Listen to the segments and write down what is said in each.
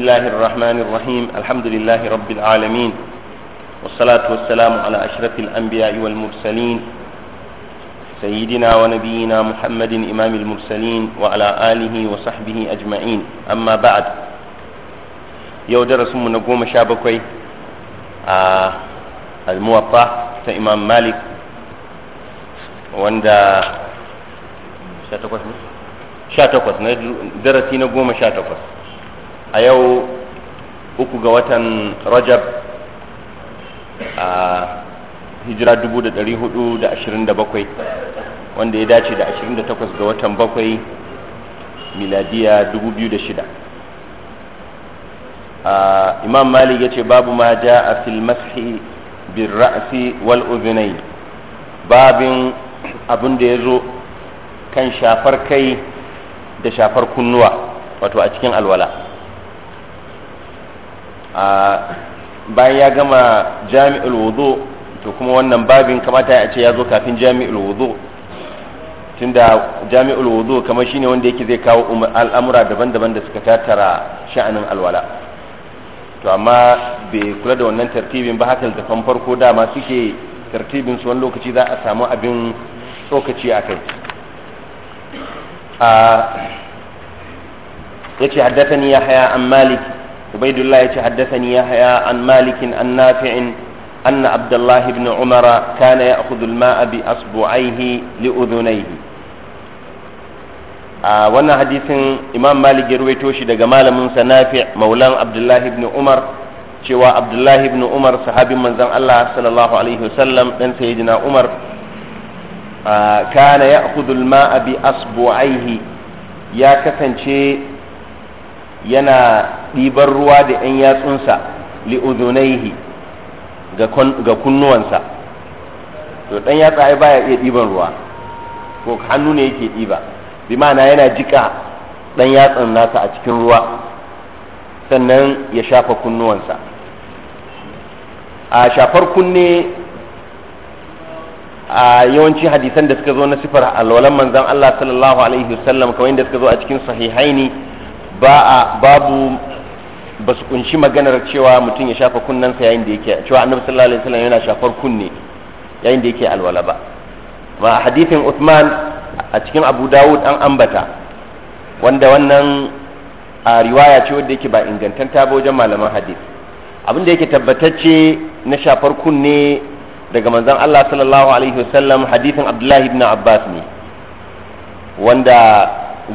بسم الله الرحمن الرحيم الحمد لله رب العالمين والصلاة والسلام على أشرف الأنبياء والمرسلين سيدنا ونبينا محمد إمام المرسلين وعلى آله وصحبه أجمعين أما بعد يودر سم نقوم شابكوي آه إمام مالك وندا شاتوكوس شاتوكوس درسي نقوم شاتوكوس a yau uku ga watan rajab a hijira 427 wanda ya dace da 28 ga watan bakwai miladiya 2006 imam malik ya ce babu ma ja a filmashi bin ra'asi wal uzinai babin abin da ya zo kan shafar kai da shafar kunnuwa wato a cikin alwala a bayan ya gama jami'ul wudu to kuma wannan babin kamata ya ce ya zo kafin jami'ul wudu tunda jami'ul wudu kamar shine wanda yake zai kawo al'amura daban-daban da suka tattara sha'anin alwala to amma bai kula da wannan tartibin ba haka da farko dama suke tartibin su wani lokaci za a samu abin tsokaci a kai ya ce haddata ni ya haya an maliki ubaidullah yace haddathani yahya an malikin an nafi'in anna abdullah ibn umara kana ya'khudhu al-ma'a bi asbu'aihi li udhunayhi a wannan hadisin imam malik ya ruwaito shi daga malamin sa nafi' maulan abdullahi ibn umar cewa abdullahi ibn umar sahabin manzon Allah sallallahu alaihi wasallam dan sayyidina umar ah, kana ya'khudhu al-ma'a bi asbu'aihi ya kasance yana ɗibar ruwa da 'yan yatsunsa li'udunaihi ga kunnuwansa to ɗan yatsa ai baya iya ɗiban ruwa ko hannu ne yake ɗiba bi ma'ana yana jika ɗan yatsan nasa a cikin ruwa sannan ya shafa kunnuwansa a shafar kunne a yawanci hadisan da suka zo na sifar alwalan manzan Allah sallallahu alaihi wasallam kamar yadda suka zo a cikin sahihaini ba a babu ba su kunshi maganar cewa mutum ya shafa kunnensa yayin da yake cewa annabi sallallahu alaihi wasallam yana shafar kunne yayin da yake alwala ba ma hadithin Uthman a cikin Abu Dawud an ambata wanda wannan a riwaya ce wanda yake ba ingantanta ba wajen malaman hadith abin da yake tabbatacce na shafar kunne daga manzon Allah sallallahu alaihi wasallam hadithin Abdullahi ibn Abbas ne wanda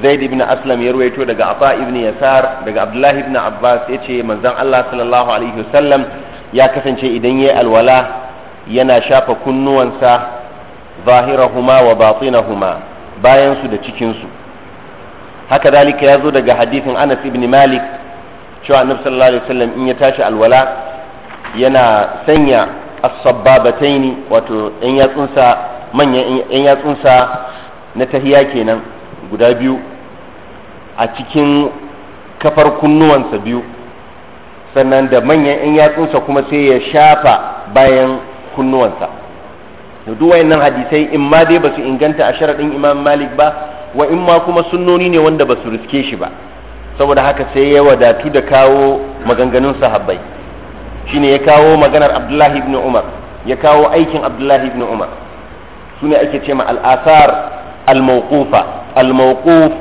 zaid ibn aslam ya ruwaito daga afa ibn yasar daga abdullahi ibn abbas ya ce manzon allah sallallahu alaihi wasallam ya kasance idan yayi alwala yana shafa kunnuwansa zahirahuma wa batinahuma bayan su da cikin su haka dalika ya zo daga hadithin anas ibn malik cewa annabi sallallahu alaihi wasallam in ya tashi alwala yana sanya as-sabbabataini wato yan yatsunsa manyan yan yatsunsa na tahiya kenan guda biyu a cikin kafar kunnuwansa biyu sannan da manyan 'yan yatsunsa kuma sai ya shafa bayan kunnuwansa da duk nan hadisai in ma dai ba su inganta a sharaɗin imam malik ba wa in ma kuma sunnoni ne wanda ba su riske shi ba saboda haka sai ya wadatu da kawo maganganun sahabbai shine ya kawo maganar abdullahi ibn umar ya kawo aikin abdullahi ibn umar su ne ake ce ma al'asar al-mawqufa al-mawquf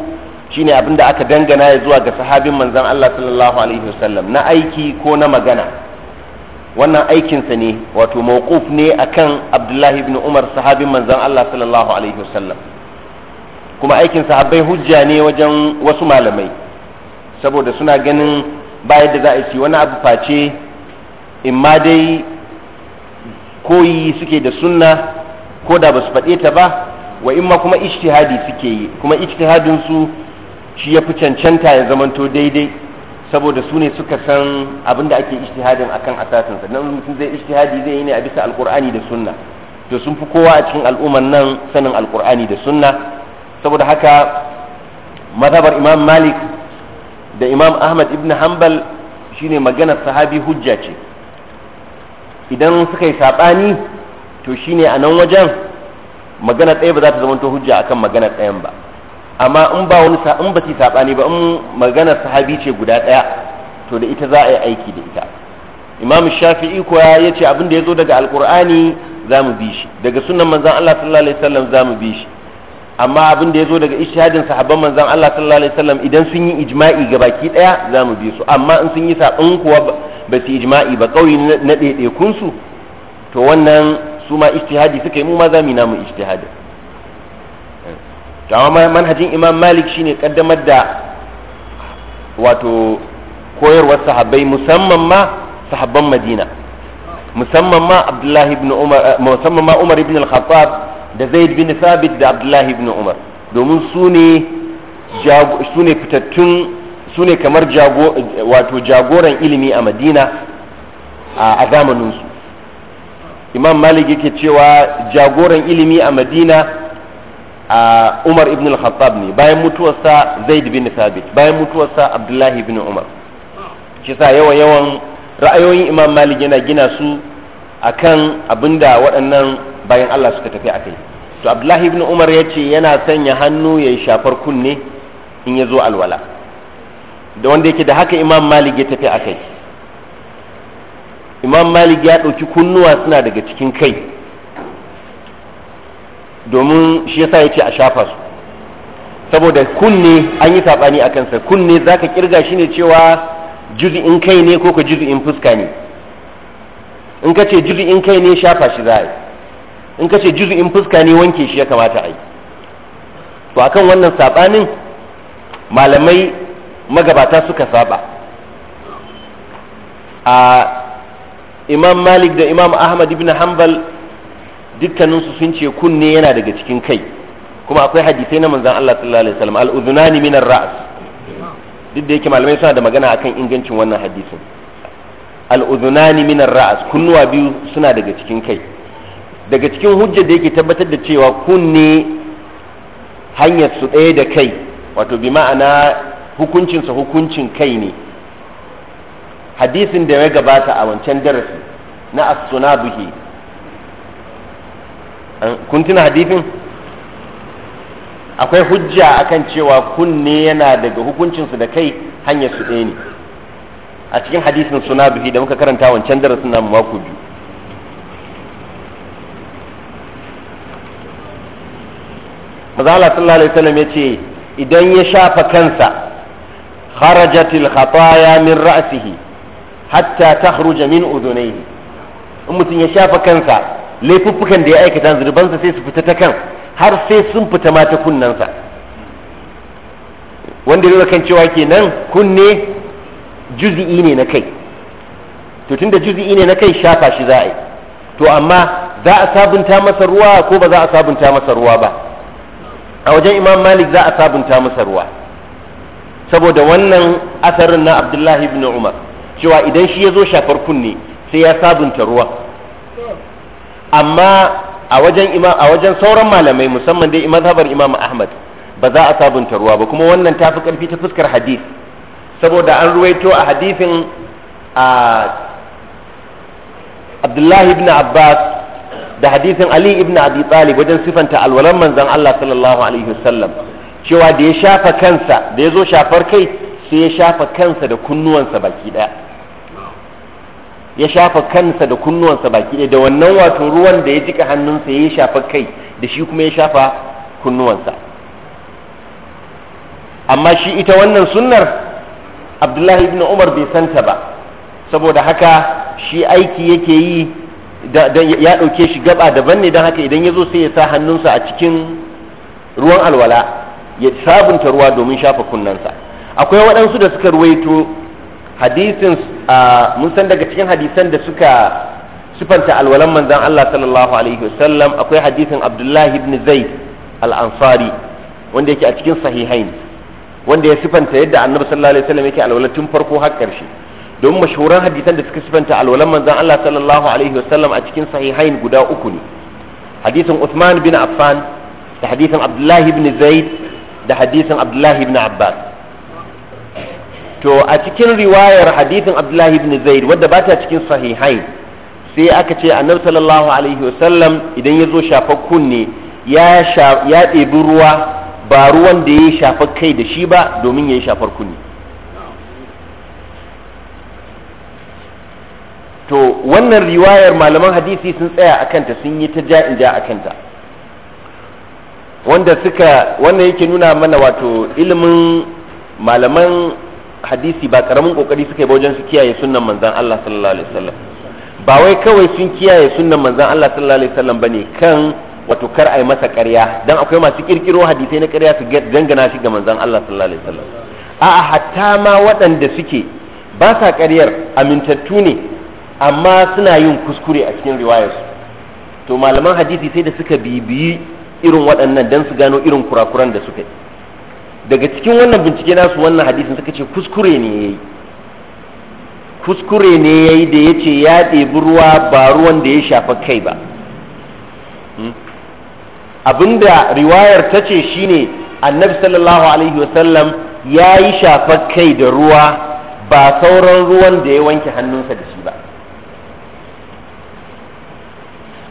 shine abin da aka dangana ya zuwa ga sahabin manzon Allah sallallahu alaihi wasallam na aiki ko na magana wannan aikinsa ne wato mawquf ne akan Abdullahi ibn Umar sahabin manzon Allah sallallahu alaihi wasallam kuma aikin sahabbai hujja ne wajen wasu malamai saboda suna ganin ba yadda za a ci wani abu face in ma dai koyi suke da sunna ko da ba su faɗe ta ba wa ma kuma ijtihadi suke yi kuma ijtihadin su shi ya fi cancanta ya zamanto daidai saboda su ne suka san abin da ake ijtihadin akan asasin sa nan mutum zai ijtihadi zai yi ne a bisa alqur'ani da sunna to sun fi kowa a cikin al'umman nan sanin alqur'ani da sunna saboda haka mazhabar imam malik da imam ahmad ibn hanbal shine maganar sahabi hujja ce idan suka yi saɓani to shine a nan wajen magana ɗaya ba za ta zama to hujja akan magana ɗayan ba amma in ba wani in ba ci sabani ba in magana sahabi ce guda ɗaya to da ita za a yi aiki da ita imam shafi'i ko ya ce abin da ya zo daga alkur'ani za mu bi shi daga sunan manzon Allah sallallahu alaihi wasallam za mu bi shi amma abin da ya zo daga ishadin sahabban manzon Allah sallallahu alaihi wasallam idan sun yi ijma'i ga baki daya za mu bi su amma in sun yi sabon kuwa ba su ijma'i ba kauyi na ɗaiɗaikun su to wannan su ma ijtihadi suka yi mu ma za mu namu ijtihadi to amma manhajin imam malik shine kaddamar da wato koyarwar sahabbai musamman ma sahabban madina musamman ma abdullah ibn umar eh, musamman ma umar ibn al-khattab da zaid bin thabit da abdullah ibn umar domin su ne su ne fitattun su ne kamar wato jagoran ilimi a madina a zamaninsu imam malik yake cewa jagoran ilimi a madina a umar ibn al-khattab ne bayan mutuwarsa zaid bin thabit bayan mutuwarsa abdullahi bin umar shi sa yawan yawan ra'ayoyin imam malik yana gina su akan abinda waɗannan bayan allah suka tafi a kai to abdullahi ibn umar ya ce yana sanya hannu ya yi shafar kunne in ya zo alwala da wanda yake da haka imam malik ya tafi a kai imam malik ya ɗauki kunnuwa suna daga cikin kai domin shi yasa ya ce a shafa su saboda kunne an yi saɓani a kansa kunne za ka ƙirga shi ne cewa juzi'in kai ne ko ka juzi'in fuska ne in ka ce juzi'in kai ne shafa shi za a yi in ka ce juzi'in fuska ne wanke shi ya kamata a yi to a kan wannan saɓanin malamai magabata suka saba a imam malik da imam ahmad ibn hanbal dukkaninsu sun ce kunne yana daga cikin kai kuma akwai hadisai na manzan Allah sallallahu alaihi wasallam al-udhunani min duk da yake malamai suna da magana akan ingancin wannan hadisin al-udhunani min kunnuwa biyu suna daga cikin kai daga cikin hujja da yake tabbatar da cewa kunne hanyar su ɗaya da kai wato bi ma'ana hukuncinsa hukuncin kai ne hadisin da ya gabata a wancan darasi na as-sunabihi kun tuna hadisin akwai hujja akan cewa kunne yana daga hukuncinsu da kai hanyar su ɗaya ne a cikin hadisin sunabihi da muka karanta wancan darasin namu mako biyu mazala sallallahu alaihi wasallam yace idan ya shafa kansa kharajatil khataya min ra'sihi hatta ta takhruja min udunai in mutum ya shafa kansa laifuffukan da ya aikata zurbansa sai su fita ta kan har sai sun fita ma ta kunnansa wanda nuna kan cewa kenan kunne juzi'i ne na kai to tunda juzi'i ne na kai shafa shi za a yi to amma za a sabunta masa ruwa ko ba za a sabunta masa ruwa ba a wajen imam malik za a sabunta masa ruwa saboda wannan asarin na abdullahi ibn umar cewa idan shi ya zo shafar kunne sai ya sabunta ruwa amma a wajen ima a wajen sauran malamai musamman dai mazhabar imam ahmad ba za a sabunta ruwa ba kuma wannan tafi karfi ta fuskar hadis saboda an ruwaito a hadisin a abdullahi ibn abbas da hadisin ali ibn abi talib wajen sifanta alwalan manzon allah sallallahu alaihi wasallam cewa da ya shafa kansa da ya zo shafar kai sai ya shafa kansa da kunnuwansa baki daya ya shafa kansa da kunnuwansa baki ɗaya da wannan wato ruwan da ya jika hannunsa ya shafa kai da shi kuma ya shafa kunnuwansa amma shi ita wannan sunnar abdullahi ibn umar bai santa ba saboda haka shi aiki yake yi ya ɗauke shi gaba daban ne don haka idan ya zo sai ya sa hannunsa a cikin ruwan alwala ya sabunta ruwa domin shafa kunnansa akwai waɗansu da suka ruwaito hadisin mun san daga cikin hadisan da suka sifanta alwalan manzan Allah sallallahu alaihi wasallam akwai hadisin Abdullahi ibn Zaid al-Ansari wanda yake a cikin sahihain wanda ya sifanta yadda Annabi sallallahu alaihi wasallam yake alwala tun farko har karshe don mashhuran hadisan da suka sifanta alwalan manzan Allah sallallahu alaihi wasallam a cikin sahihain guda uku ne hadisin Uthman bin Affan da hadisin Abdullahi ibn Zaid da hadisin Abdullahi ibn Abbas to a cikin riwayar hadithin abdullahi ibn zaid wanda ba ta cikin sahihain sai aka ce annabi sallallahu alaihi wasallam idan ya zo shafar kunne ya ya ɗebi ruwa ba ruwan da ya shafar kai da shi ba domin ya yi shafar kunne to wannan riwayar malaman hadisi sun tsaya a kanta sun yi ta ja a kanta wanda suka wannan yake nuna mana wato ilimin malaman hadisi ba karamin kokari suka yi ba wajen su kiyaye sunnan manzon Allah sallallahu alaihi wasallam ba wai kawai sun kiyaye sunnan manzon Allah sallallahu alaihi wasallam bane kan wato kar ai masa ƙarya dan akwai masu kirkiro hadisai na ƙarya su gangana shi ga manzon Allah sallallahu alaihi wasallam a'a hatta ma waɗanda suke ba sa ƙaryar amintattu ne amma suna yin kuskure a cikin riwayarsu to malaman hadisi sai da suka bibiyi irin waɗannan dan su gano irin kurakuran da suka yi daga cikin wannan bincike nasu wannan hadisin suka ce kuskure ne ya yi kuskure ne ya yi da ya ce ya ɗebi ruwa ba ruwan da ya shafa kai ba hmm? abinda riwayar ta ce shine annabi sallallahu alaihi wasallam ya yi shafa kai da ruwa ba sauran ruwan da ya wanke hannunsa da shi ba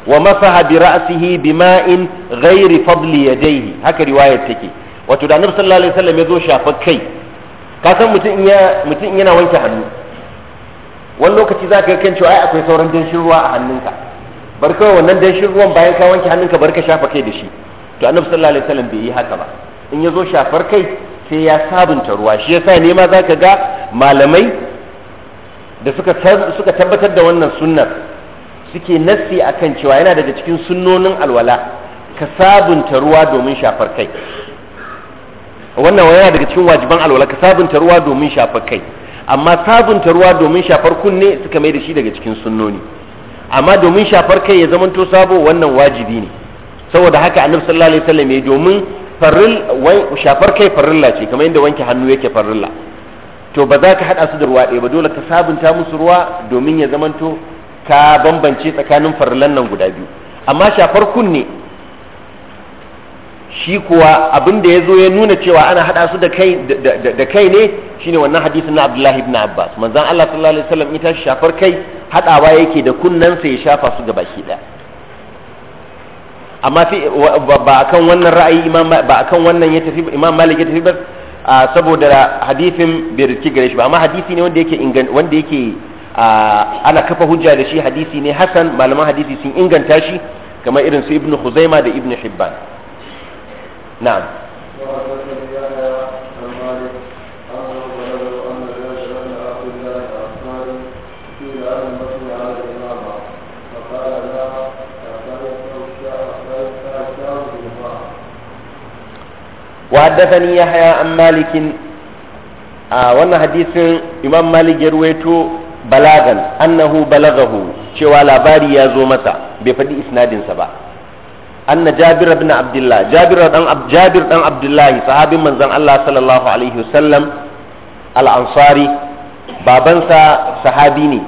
wa masaha bi ra'sihi bima'in ghairi fadli yadayhi haka riwayar take wato da annabi sallallahu alaihi wasallam ya zo shafar kai ka san mutum in ya mutum yana wanke hannu wani lokaci za ka ga kan cewa ai akwai sauran danshin ruwa a hannunka bar kawai wannan danshin ruwan bayan ka wanke hannunka bar ka shafa kai da shi to annabi sallallahu alaihi wasallam bai yi haka ba in ya zo shafar kai sai ya sabunta ruwa shi yasa ne ma za ka ga malamai da suka suka tabbatar da wannan sunnar suke nassi akan cewa yana daga cikin sunnonin alwala ka sabunta ruwa domin shafar kai wannan yana daga cikin wajiban alwala ka sabunta ruwa domin shafar kai amma sabunta ruwa domin shafar kunne suka mai da shi daga cikin sunnoni amma domin shafar kai ya zamanto sabo wannan wajibi ne saboda haka annabi sallallahu alaihi wasallam ya domin shafar kai farilla ce kamar yadda wanke hannu yake farilla to ba za ka hada su da ruwa ɗaya ba dole ka sabunta musu ruwa domin ya zamanto ka bambance tsakanin farillan nan guda biyu amma shafar kunne shi kuwa abin da ya zo ya nuna cewa ana hada su da kai da kai ne shine wannan hadisin na Abdullahi ibn Abbas manzon Allah sallallahu alaihi wasallam ita shafar kai hadawa yake da kunnansa ya shafa su ga baki da amma ba akan wannan ra'ayi imam ba akan wannan ya tafi imam Malik ya tafi ba saboda hadisin bai riski gare shi ba amma hadisi ne wanda yake wanda yake ana kafa hujja da shi hadisi ne hasan malaman hadisi sun inganta shi kamar irin su ibnu khuzaima da ibnu hibban na'am su a harka duka da yawa ta malik ya karya haya an a wani hadisin iman malikyarwaito balagan annahu balagahu cewa labari ya zo masa bai faɗi isnadinsa ba. anna jabir ibn abdullah jabir dan jabir dan abdullah sahabin manzon Allah sallallahu alaihi wasallam al-ansari babansa sahabi ne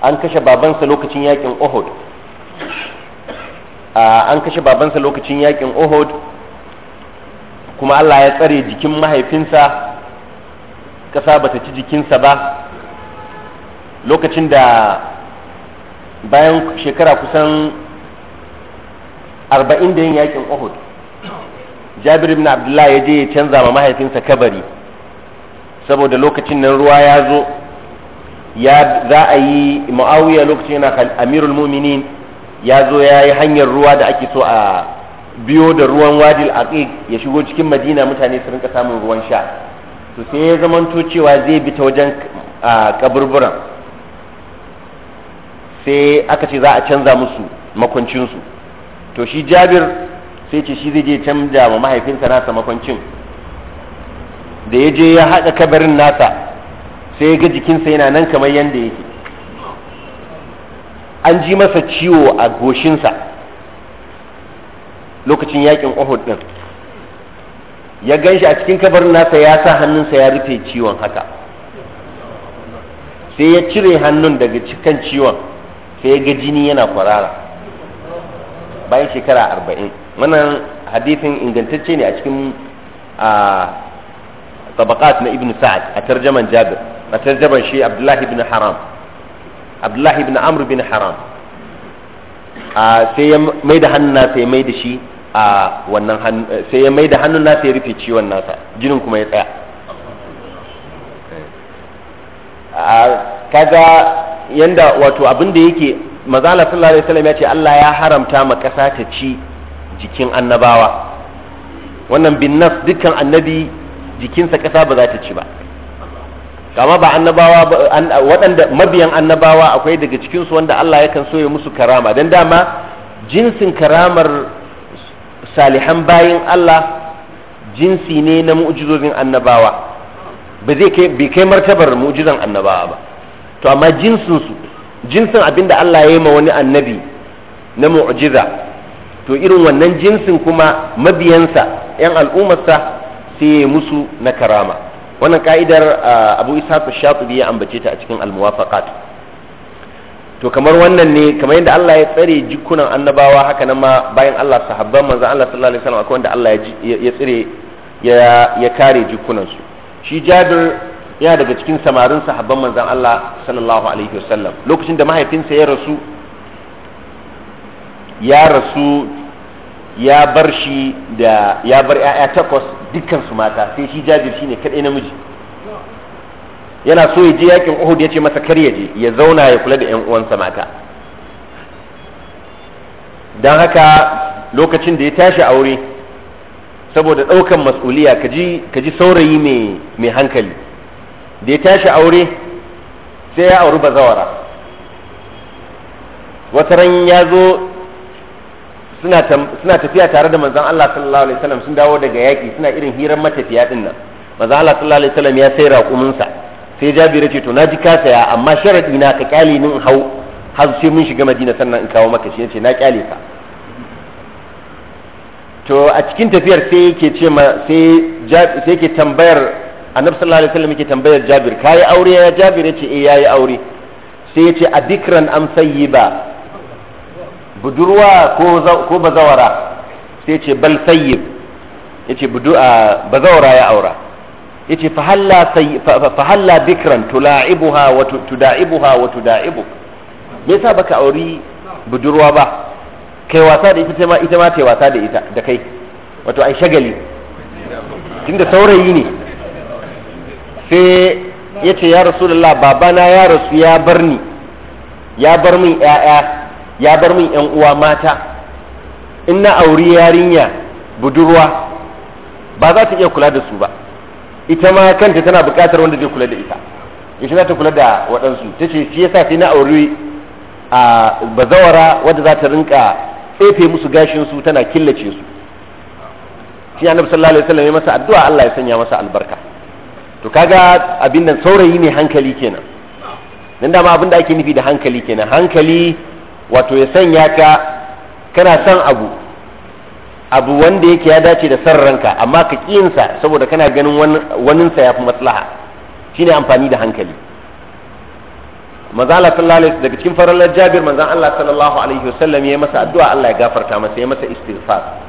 an kashe babansa lokacin yakin Uhud ah, an kashe babansa lokacin yakin Uhud kuma Allah ya tsare jikin mahaifinsa kasa bata ci jikinsa ba lokacin da bayan shekara kusan arba'in da yin yakin uhud jabir ibn abdullahi ya je ya canza ma mahaifinsa kabari saboda lokacin nan ruwa ya zo ya za a yi muawiya lokacin yana amirul muminin ya zo ya yi hanyar ruwa da ake so a biyo da ruwan wadil aqiq ya shigo cikin madina mutane su rinka samun ruwan sha to sai ya zamanto cewa zai bi ta wajen kaburburan sai aka ce za a canza musu makwancinsu to shi jabir sai ce shi zai je canja wa mahaifinsa nasa makwancin da ya je ya haɗa kabarin nasa sai ya ga jikinsa yana nan kamar yadda yake an ji masa ciwo a goshinsa lokacin yakin ohud ɗin ya gan shi a cikin kabarin nasa ya sa hannunsa ya rufe ciwon haka sai ya cire hannun daga cikin ciwon sai ya ga jini yana kwarara bayan shekara arba'in wannan hadithin ingantacce ne a cikin ibn sa'ad a tarjaman jabir a tarjaman shi abdullahi بن haram abdullahi الله بن عمرو haram a sai ya mai da hannun nasa ya mai da shi a wannan hannun sai ya mai da hannun nasa ya rufe ciwon nasa jinin kuma ya tsaya kaga yanda wato abin da yake mazala sallallahu alaihi wasallam ya ce Allah ya haramta ma ƙasa ta ci jikin annabawa wannan bin nas dukkan annabi jikinsa ƙasa ba za ta ci ba kama ba annabawa waɗanda mabiyan annabawa akwai daga cikinsu wanda Allah yakan so ya musu karama don dama jinsin karamar salihan bayin Allah jinsi ne na mu'jizozin annabawa ba zai kai bai kai martabar mu'jizan annabawa ba to amma jinsinsu jinsin abin da Allah ya yi ma wani annabi na mu'jiza to irin wannan jinsin kuma mabiyansa 'yan al'ummarsa sai ya musu na karama wannan ka'idar abu isa ishaq shatibi ya ambace ta a cikin almuwafaqat to kamar wannan ne kamar yadda Allah ya tsare jikunan annabawa haka nan ma bayan Allah sahabban manzo Allah sallallahu alaihi wasallam akwai wanda Allah ya tsare ya ya kare jikunan su shi Jabir yana daga cikin samarin sahabban manzan Allah sallallahu alaihi wasallam lokacin da mahaifinsa ya rasu ya rasu ya bar shi da ya bar yaya takwas dukkan su mata sai shi shi ne kadai namiji yana so ya je yakin Uhud ya ce masa kar ya je ya zauna ya kula da ƴan uwansa mata dan haka lokacin da ya tashi aure saboda ɗaukan mas'uliya kaji kaji saurayi mai hankali da ya tashi aure sai ya auri bazawara wata ran ya zo suna tafiya tare da manzan Allah sallallahu alaihi wasallam sun dawo daga yaki suna irin hirar matafiya din nan manzan Allah sallallahu alaihi wasallam ya sai raƙuminsa sai Jabir ya ce to naji ka saya amma sharadi na ka kyale nin hau har sai mun shiga Madina sannan in kawo maka shi yace na kyale ka to a cikin tafiyar sai yake ce ma sai sai yake tambayar annabi sallallahu alaihi wasallam yake tambayar jabir kayi aure ya jabir yace eh yayi aure sai yace adikran am sayyiba budurwa ko ko bazawara sai yace bal sayyib yace budu bazawara ya aura yace fa halla fa halla dikran tula'ibuha wa tuda'ibuha wa tuda'ibu me yasa baka auri budurwa ba kai wasa da ita ma ita ma ta wasa da ita da kai wato ai shagali tunda saurayi ne sai ya ce ya rasu lalla babana ya rasu ya bar ni ya bar min yaya ya bar min yan uwa mata in na auri yarinya budurwa ba za ta iya kula da su ba ita ma kanta tana buƙatar wanda zai kula da ita ita za ta kula da waɗansu ta ce shi yasa sai na aure a bazawara wadda za ta rinka tsefe musu gashin su tana killace su shi annabi sallallahu alaihi wasallam ya masa addu'a Allah ya sanya masa albarka to kaga abin nan saurayi ne hankali kenan nan dama abin da ake nufi da hankali kenan hankali wato ya sanya ka kana son abu abu wanda yake ya dace da san ranka amma ka kiyinsa saboda kana ganin waninsa ya fi maslaha shine amfani da hankali manzo sallallahu alaihi daga cikin farallar Jabir manzon Allah sallallahu alaihi wasallam ya masa addu'a Allah ya gafarta masa ya masa istighfar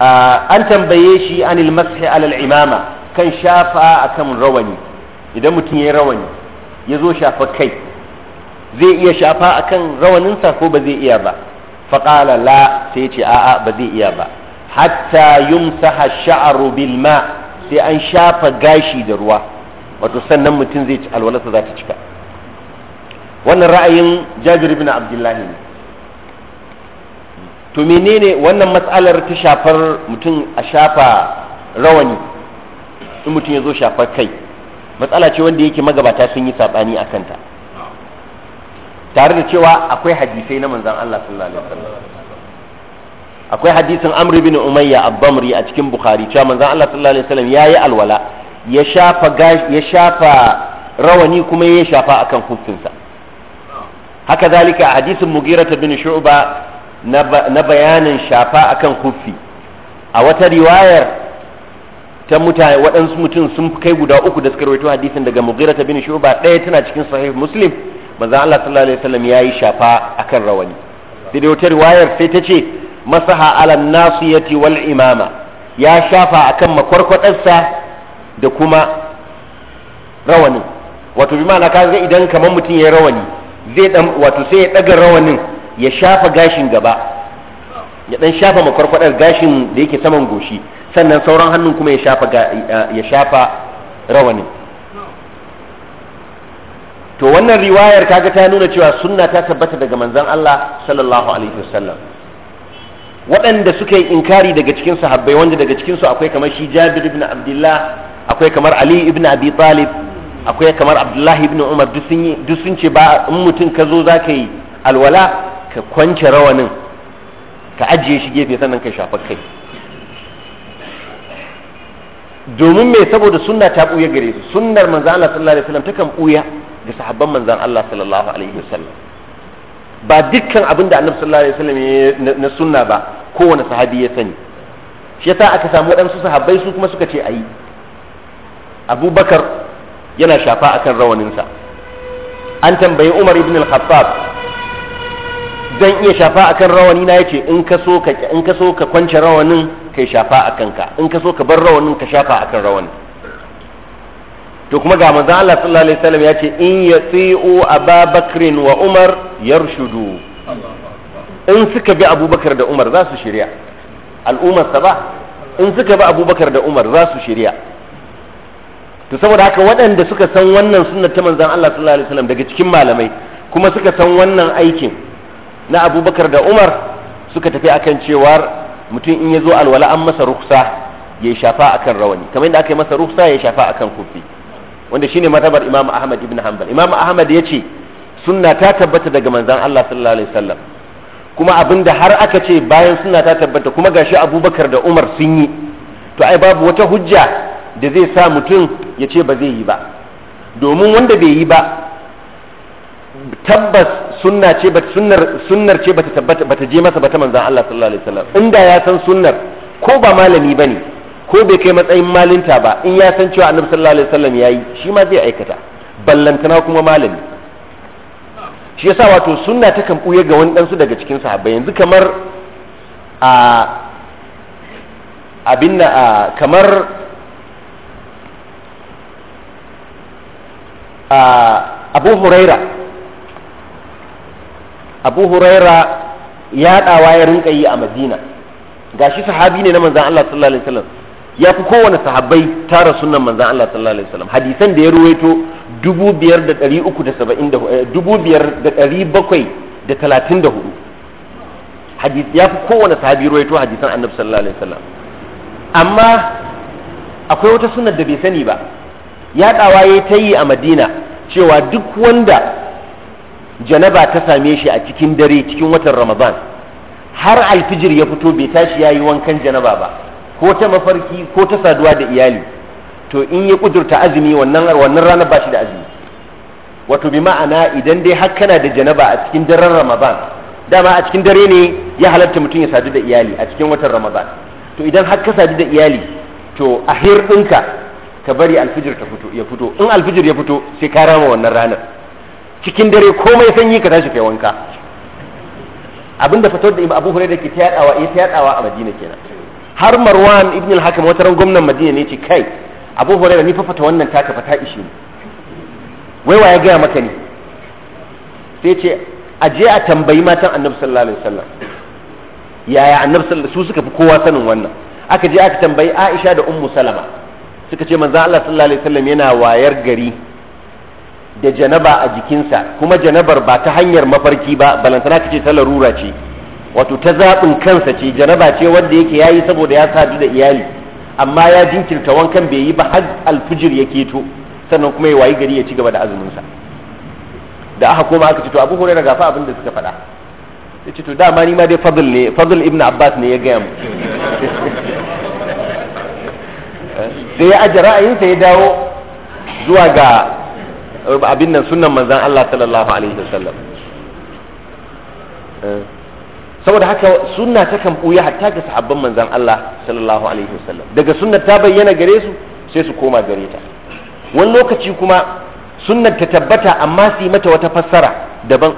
an tambaye shi anil mashi alal imama kan shafa kan rawani idan mutum ya rawani ya zo shafa kai zai iya shafa akan rawaninsa ko ba zai iya ba faƙala la sai ce a'a ba zai iya ba hatta yumsaha sha'ru bil ma sai an shafa gashi da ruwa wato sannan mutum zai ci alwalarsa za ta cika wannan ra'ayin jabir bin abdullahi ne to menene wannan matsalar ta shafar mutum a shafa rawani in mutum ya zo shafar kai matsala ce wanda yake magabata sun yi saɓani a kanta tare da cewa akwai hadisai na manzan Allah sallallahu alaihi akwai hadisin Amr bin Umayya Abbamri a cikin Bukhari cewa manzan Allah sallallahu alaihi wasallam yayi alwala ya shafa ya shafa rawani kuma ya shafa akan kufinsa haka zalika a hadisin Mughirah bin Shu'ba na bayanin shafa akan kufi a wata riwayar ta mutane waɗansu mutum sun kai guda uku da suka rawaito hadisin daga Mughira bin Shu'ba ɗaya tana cikin sahih Muslim manzo Allah sallallahu alaihi wasallam yayi shafa akan rawani da wata riwayar sai ta ce masaha ala nasiyati wal imama ya shafa akan makwarkwadarsa da kuma rawanin wato bi ma'ana kaga idan kamar mutum ya rawani zai dan wato sai ya daga rawanin ya shafa gashin gaba ya dan shafa makwarkwadar gashin da yake saman goshi sannan sauran hannun kuma ya shafa rawanin to wannan riwayar kaga ta nuna cewa sunna ta tabbata daga manzon Allah sallallahu alaihi wasallam waɗanda suka yi inkari daga cikin sahabbai wanda daga cikin su akwai kamar shi Jabir ibn Abdullah akwai kamar Ali ibn Abi Talib akwai kamar Abdullahi ibn Umar duk sun ce ba in mutum ka zo zaka yi alwala ka kwance rawanin ka ajiye shi gefe sannan ka shafa kai domin me saboda sunna ta ɓuya gare su sunnar manzan Allah sallallahu alaihi wasallam takan ɓuya ga sahabban manzan Allah sallallahu alaihi wasallam ba dukkan abin da annabi sallallahu alaihi wasallam na sunna ba kowane sahabi ya sani shi yasa aka samu waɗansu sahabbai su kuma suka ce ayi abubakar yana shafa akan rawaninsa an tambayi umar ibn al-khattab zan iya shafa akan rawani na yace in ka so ka in ka so ka kwance rawanin kai shafa akan ka in ka so ka bar rawanin ka shafa akan rawani to kuma ga manzon Allah sallallahu alaihi wasallam yace in yasiu Ababakr wa Umar yarshudu in suka bi Abubakar da Umar za su shirya al'ummar sa ba in suka bi Abubakar da Umar za su shirya to saboda haka waɗanda suka san wannan sunnar ta manzon Allah sallallahu alaihi wasallam daga cikin malamai kuma suka san wannan aikin na abubakar da umar suka tafi akan cewar mutum in ya zo alwala an masa ruksa ya shafa akan rawani kamar yadda aka yi masa ruksa ya shafa akan kufi wanda shine matabar imam ahmad ibn hanbal imam ahmad ya ce sunna ta tabbata daga manzan allah sallallahu alaihi wasallam kuma abinda har aka ce bayan sunna ta tabbata kuma gashi abubakar da umar sun yi to ai babu wata hujja da zai sa mutum ya ce ba zai yi ba domin wanda bai yi ba tabbas sunna ce ba sunnar sunnar ce bata tabbata ta je masa bata manzon Allah sallallahu alaihi wasallam inda ya san sunnar ko ba malami bane ko bai kai matsayin malinta ba in ya san cewa annabi sallallahu alaihi wasallam yayi shi ma zai aikata ballantana kuma malami shi yasa wato sunna ta kan buye ga wani dansu daga cikin sahabbai yanzu kamar a abin na kamar a abu huraira abu huraira yaɗawa ya rinka yi a madina gashi sahabi ne na manzan Allah sallallahu alaihi wasallam ya fi kowane sahabbai tara sunan manzan Allah sallallahu alaihi wasallam hadisan da ya ruwaito 5,734 eh, hadis ya fi kowane sahabi ruwaito hadisan annabi sallallahu alaihi wasallam amma akwai wata sunan da bai sani ba ya dawa ya ta yi a madina cewa duk wanda janaba ta same shi a cikin dare cikin watan ramadan har alfijir ya fito bai tashi ya yi wankan janaba ba ko ta mafarki ko ta saduwa da iyali to in ya kudurta azumi wannan wannan ranar ba shi da azumi wato bi ma'ana idan dai har kana da janaba a cikin daren ramadan dama a cikin dare ne ya halatta mutum ya sadu da iyali a cikin watan ramadan to idan har ka sadu da iyali to a hir ɗinka ka bari alfijir ta fito ya fito in alfijir ya fito sai ka rama wannan ranar cikin dare komai sanyi ka tashi kai wanka abinda fatar da abu hurairah ke ta yadawa ya ta yadawa a madina kenan har marwan ibn al-hakim wata ran gwamnan madina ne ce kai abu hurairah ni fa fata wannan taka fata ishi ne wai wa ya gaya maka ne sai ce a je a tambayi matan annabi sallallahu alaihi wasallam yaya annabi sallallahu su suka fi kowa sanin wannan aka je aka tambayi aisha da ummu salama suka ce manzo Allah sallallahu alaihi wasallam yana wayar gari da janaba a jikinsa kuma janabar ba ta hanyar mafarki ba balantana ta ce ta larura ce wato ta zaɓin kansa ce janaba ce wanda yake ya yi saboda ya sadu da iyali amma ya jinkirta wankan bai yi ba har alfijir ya keto sannan kuma ya wayi gari ya ci gaba da azuminsa da aka koma aka ce to abu hore gafa abin da suka faɗa ya ce to dama ni ma dai fadl ne fadl ibn abbas ne ya gaya mu sai ya aje ra'ayinsa ya dawo zuwa ga abin nan sunan manzan Allah sallallahu alaihi wasallam eh. saboda haka sunna ta kan buya hatta ga sahabban manzan Allah sallallahu alaihi wasallam daga sunnar ta bayyana gare su sai su koma gare ta wani lokaci kuma sunnar ta tabbata amma su yi mata wata fassara daban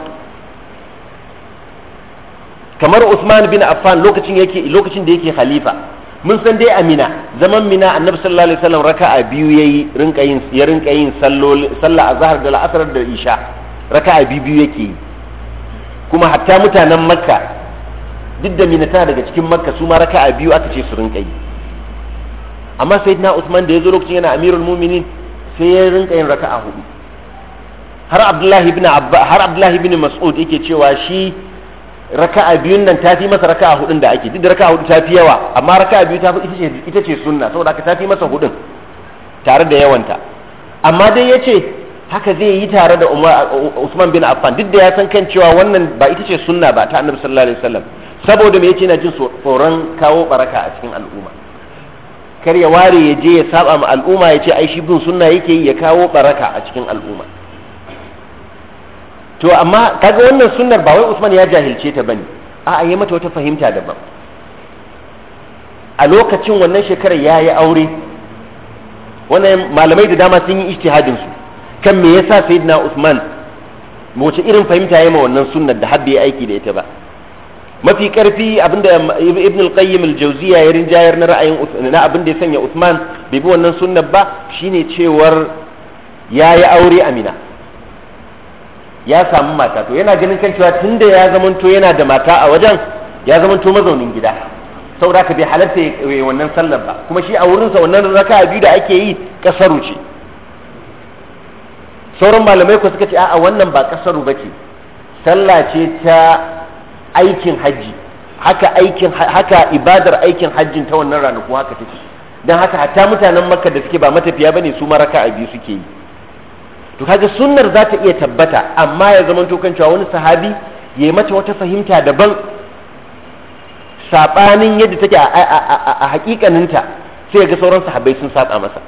kamar Usman bin Affan lokacin yake lokacin da yake khalifa mun san dai amina zaman mina annabi sallallahu alaihi wasallam raka'a biyu yayi rinka yin ya rinka yin salloli sallah azhar da al'asr da isha raka'a biyu biyu yake kuma hatta mutanen makka duk da mina tana daga cikin makka su ma raka'a biyu aka ce su rinka yi amma sayyidina usman da ya zo lokacin yana amirul mu'minin sai ya rinka yin raka'a hudu har abdullahi ibn abba har abdullahi ibn mas'ud yake cewa shi raka'a biyun nan tafi masa raka'a hudun da ake duk da raka'a hudu tafi yawa amma raka'a biyu tafi ita ce ita ce sunna saboda haka tafi masa hudun tare da yawanta amma dai yace haka zai yi tare da Usman bin Affan duk da ya san kan cewa wannan ba ita ce sunna ba ta Annabi sallallahu alaihi wasallam saboda me yace yana jin tsoron kawo baraka a cikin al'umma kar ya ware ya je ya saba ma al'umma ya ce ai shi bin sunna yake yi ya kawo baraka a cikin al'umma to amma kaga wannan sunnar ba wai Usman ya jahilce ta bane a'a yi mata wata fahimta daban a lokacin wannan shekarar ya yi aure wannan malamai da dama sun yi ijtihadin su kan me yasa sayyidina Usman wace irin fahimta ya yi ma wannan sunnar da ya aiki da ita ba mafi karfi abinda ibn al-qayyim al-jawziya ya rinjayar na ra'ayin na abinda ya sanya Usman bai bi wannan sunnar ba shine cewar yayi aure Amina ya samu mata to yana ganin kan cewa tunda ya zamanto yana da mata a wajen ya zamanto mazaunin gida saboda ka bai halarta ya wannan sallar ba kuma shi a wurinsa wannan raka biyu da ake yi kasaru ce sauran malamai ku suka ce a'a wannan ba kasaru ba ce sallah ce ta aikin hajji haka aikin haka ibadar aikin hajjin ta wannan ranaku haka take don haka hatta mutanen makka da suke ba matafiya bane su ma raka'a biyu suke yi to kaga sunnar za ta iya tabbata amma ya zama to kan cewa wani sahabi ya yi mata wata fahimta daban saɓanin yadda take a hakikaninta sai ya ga sauran sahabbai sun saɓa masa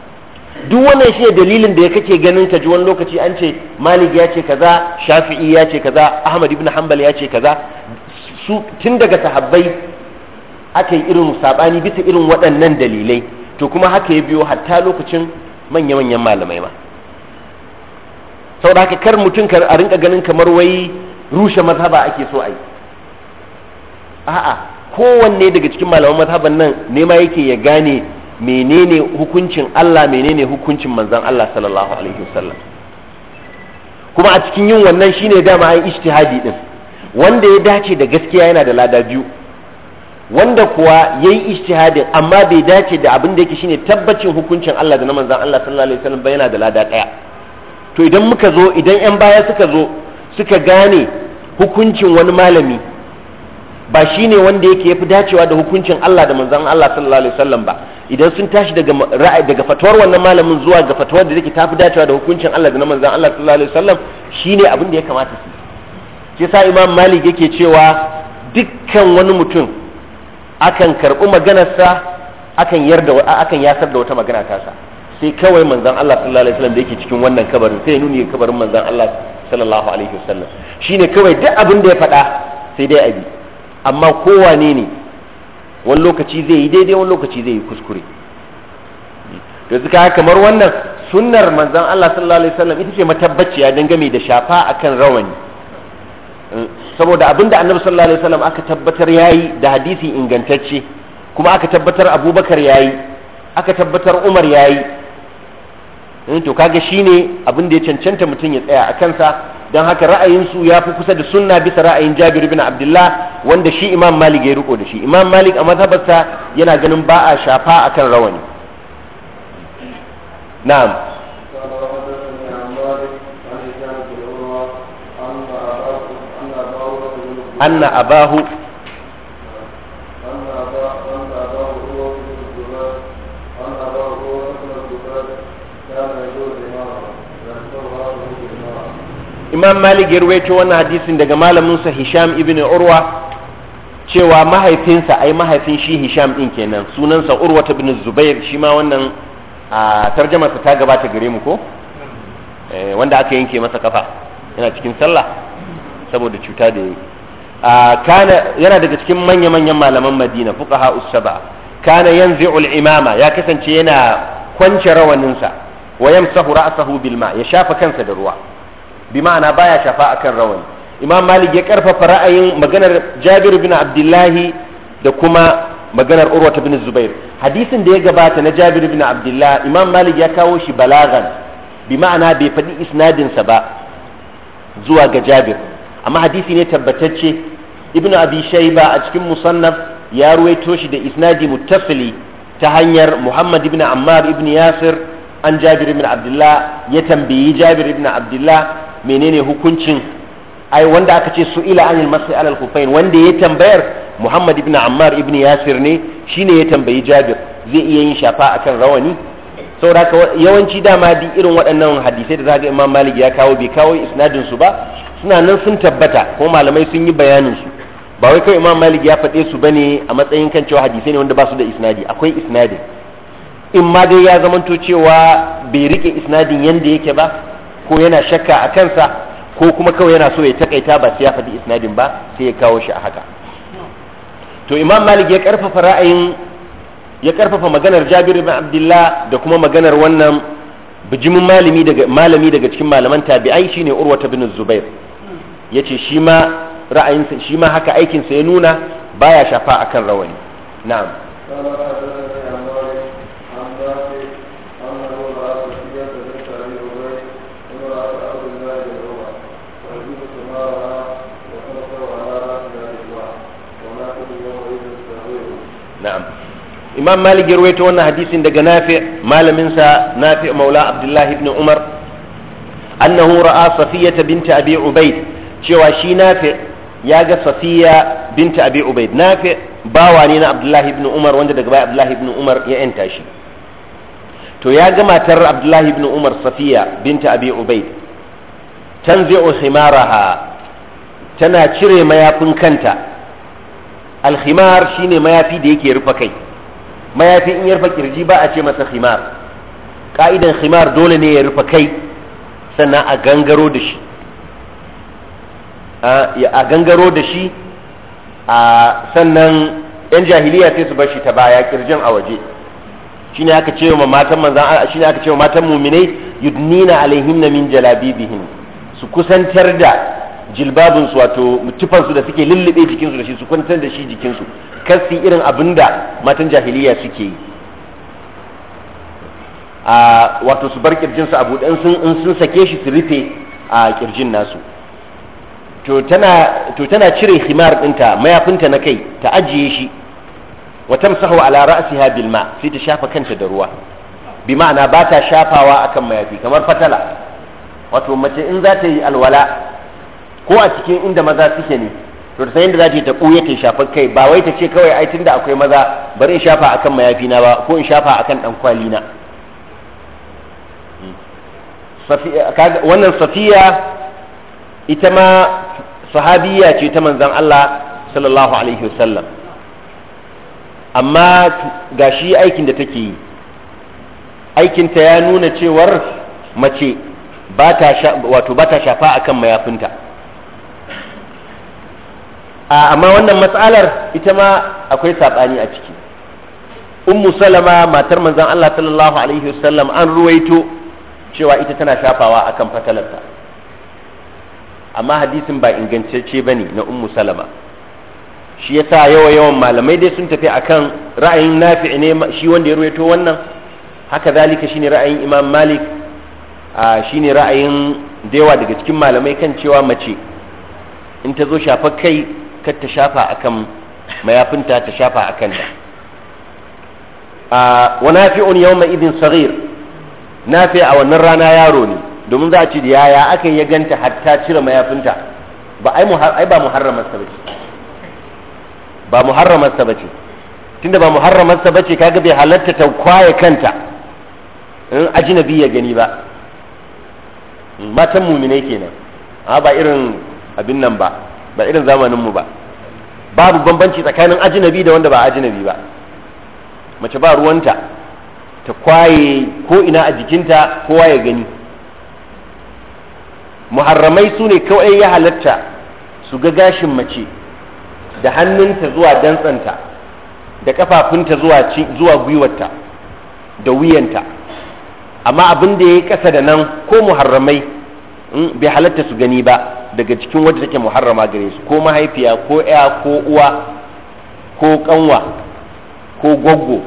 duk wannan shi ne dalilin da ya kake ganin ka ji wani lokaci an ce malik ya ce kaza shafi'i ya ce kaza ahmad ibn hanbal ya ce kaza su tun daga sahabbai aka yi irin sabani bisa irin waɗannan dalilai to kuma haka ya biyo hatta lokacin manya-manyan malamai ma sau da haka kar mutum a rinka ganin kamar wai rushe mazhaba ake so a yi a'a kowanne daga cikin malaman mazhaban nan nema yake ya gane menene hukuncin Allah menene hukuncin manzon Allah sallallahu alaihi wasallam kuma a cikin yin wannan shine dama ai ijtihadi din wanda ya dace da gaskiya yana da lada biyu wanda kuwa yayi ijtihadi amma bai dace da abin da yake shine tabbacin hukuncin Allah da na manzon Allah sallallahu alaihi wasallam ba yana da lada ɗaya. to idan muka zo idan 'yan baya suka zo suka gane hukuncin wani malami ba shi ne wanda yake ya fi dacewa da hukuncin Allah da manzan Allah sallallahu alaihi wasallam ba idan sun tashi daga ra'ayi daga fatuwar wannan malamin zuwa ga fatuwar da take tafi dacewa da hukuncin Allah da na manzan Allah sallallahu alaihi wasallam ne abin da ya kamata su ke sa Imam Malik yake cewa dukkan wani mutum akan karɓi maganarsa akan akan yasar da wata magana tasa sai kawai manzan Allah sallallahu alaihi wasallam da yake cikin wannan kabarin sai nuni ga kabarin manzan Allah sallallahu alaihi wasallam shine kawai duk abin da ya faɗa sai dai abi amma kowane ne wani lokaci zai yi daidai wani lokaci zai yi kuskure yanzu ka kamar wannan sunnar manzan Allah sallallahu alaihi wasallam ita ce matabbaciya dangane da shafa akan rawani eh, saboda abinda annabi sallallahu alaihi wasallam aka tabbatar yayi da hadisi ingantacce kuma aka tabbatar abubakar yayi aka tabbatar umar yayi Eh, to kaga shine abin da ya cancanta mutum ya tsaya a kansa don haka ra'ayinsu ya fi kusa da sunna bisa ra'ayin jabir bin abdullah wanda shi imam malik ya riko da shi imam malik a mazhabarsa yana ganin ba a shafa akan rawani na'am anna abahu imam malik ya rawaito wannan hadisin daga malamin sa hisham ibn urwa cewa mahaifinsa ai mahaifin shi hisham din kenan sunansa urwa ibn zubair shi ma wannan a tarjama ta gabata gare mu ko eh, wanda aka yanke masa kafa yana cikin sallah saboda cuta da yake kana yana daga cikin manya manyan malaman madina fuqaha usaba kana yanzi'u al-imama ya kasance yana kwance rawaninsa wa yamsahu ra'sahu bil ma ya shafa kansa da ruwa bi ma'ana baya shafa akan rawani imam malik ya karfafa ra'ayin maganar jabir bin abdullahi da kuma maganar urwata bin zubair hadisin da ya gabata na jabir bin abdullahi imam malik ya kawo shi balagan bi ma'ana bai faɗi isnadinsa ba zuwa ga jabir amma hadisi ne tabbatacce ibnu abi shayba a cikin musannaf ya ruwaito shi da isnadi muttasili ta hanyar muhammad ibn ammar ibn yasir an jabir ibn abdullah ya tambayi jabir ibn abdullah menene hukuncin ai wanda aka ce su ila anil masai alal kufain wanda ya tambayar muhammad ibn ammar ibn yasir ne shine ya tambayi jabir zai iya yin shafa akan rawani saboda yawanci dama duk irin waɗannan hadisai da zaga imam malik ya kawo bai kawo isnadin su ba suna nan sun tabbata ko malamai sun yi bayanin su ba wai kawai imam malik ya faɗe su bane a matsayin kan cewa hadisai ne wanda ba su da isnadi akwai isnadin in ma dai ya zamanto cewa bai rike isnadin yanda yake ba ko yana shakka a kansa ko kuma kawai yana so ya takaita ba sai ya faɗi isnadin ba sai ya kawo shi a haka to imam malik ya karfafa ra'ayin ya karfafa maganar jabir ibn abdullah da kuma maganar wannan bijimin malami daga malami daga cikin malaman tabi'ai shine urwa ibn zubair yace shi ma ra'ayinsa shi ma haka aikinsa ya nuna baya shafa akan rawani na'am na'am imam malik ya rawaito wannan hadisin daga nafi malamin sa nafi maula abdullah ibn umar annahu ra'a safiyata binta abi ubaid cewa shi nafi ya ga safiya binta abi ubaid nafi bawa ne na abdullahi ibn umar wanda daga baya abdullah ibn umar ya yanta shi to ya ga matar abdullah ibn umar safiya binta abi ubaid tanzi'u himaraha tana cire mayafin kanta alkhimar shine mayafi da yake rufe kai mayafi in ya rufe kirji ba a ce masa khimar ka'idan khimar dole ne ya rufe kai sannan a gangaro da shi a gangaro da shi a sannan yan jahiliya sai su bar shi ta baya kirjin a waje shine aka ce wa matan manzan shine aka ce wa matan mu'minai yudnina alaihinna min jalabibihin su kusantar da jilbabinsu wato tufansu da suke lullube jikinsu da shi su kwantar da shi jikinsu kar su irin abin da matan jahiliya suke yi a wato su bar kirjinsu abu ɗan sun in sun sake shi su rufe a kirjin nasu to tana cire himar ɗinta mayafinta na kai ta ajiye shi wa tamsahu ala ra'siha bil bilma sai ta shafa kanta da ruwa bi ma'ana ba ta shafawa akan mayafi kamar fatala wato mace in za ta yi alwala ko a cikin inda maza suke ne to sai inda za ta yi ta ɓuya kai ba wai ta ce kawai ai tunda akwai maza bari in shafa akan mayafi na ba ko in shafa akan dan kwali na hmm. wannan safiya ita ma sahabiya ce ta manzon Allah sallallahu alaihi wasallam amma ga shi aikin da take yi aikinta ya nuna cewar mace wato ba ta shafa akan mayafinta amma wannan matsalar ita ma akwai saɓani a ciki ummu salama matar manzon Allah sallallahu alaihi wasallam an ruwaito cewa ita tana shafawa akan fatalarta amma hadisin ba ingantacce bane na ummu salama shi yasa yawa yawan malamai dai sun tafi akan ra'ayin nafi ne shi wanda ya ruwaito wannan haka zalika shine ra'ayin imam malik shine ra'ayin da daga cikin malamai kan cewa mace in ta zo shafa kai kar ta shafa akan mayafinta ta shafa akan ta wa nafi'un yawma idin na nafi a wannan rana yaro ne domin za a ci da yaya aka ya ganta ta cire mayafinta ba ai ai ba muharramar sa bace ba muharramar sa bace tunda ba muharramar sa bace kaga bai halatta ta kwaye kanta in ajnabi ya gani ba matan muminai kenan a ba irin abin nan ba ba irin zamanin mu ba babu bambanci tsakanin ajinabi da wanda ba ajinabi ba mace ba ruwanta ta kwaye ko ina a jikinta kowa ya gani muharramai su ne kawai ya halatta su ga gashin mace da hannunta zuwa dantsanta da kafafunta zuwa zuwa gwiwarta da wuyanta amma abin da ya yi kasa da nan ko muharramai hmm, bai halatta su gani ba daga cikin wadda take muharrama gare su ko mahaifiya ko ya ko uwa ko kanwa ko goggo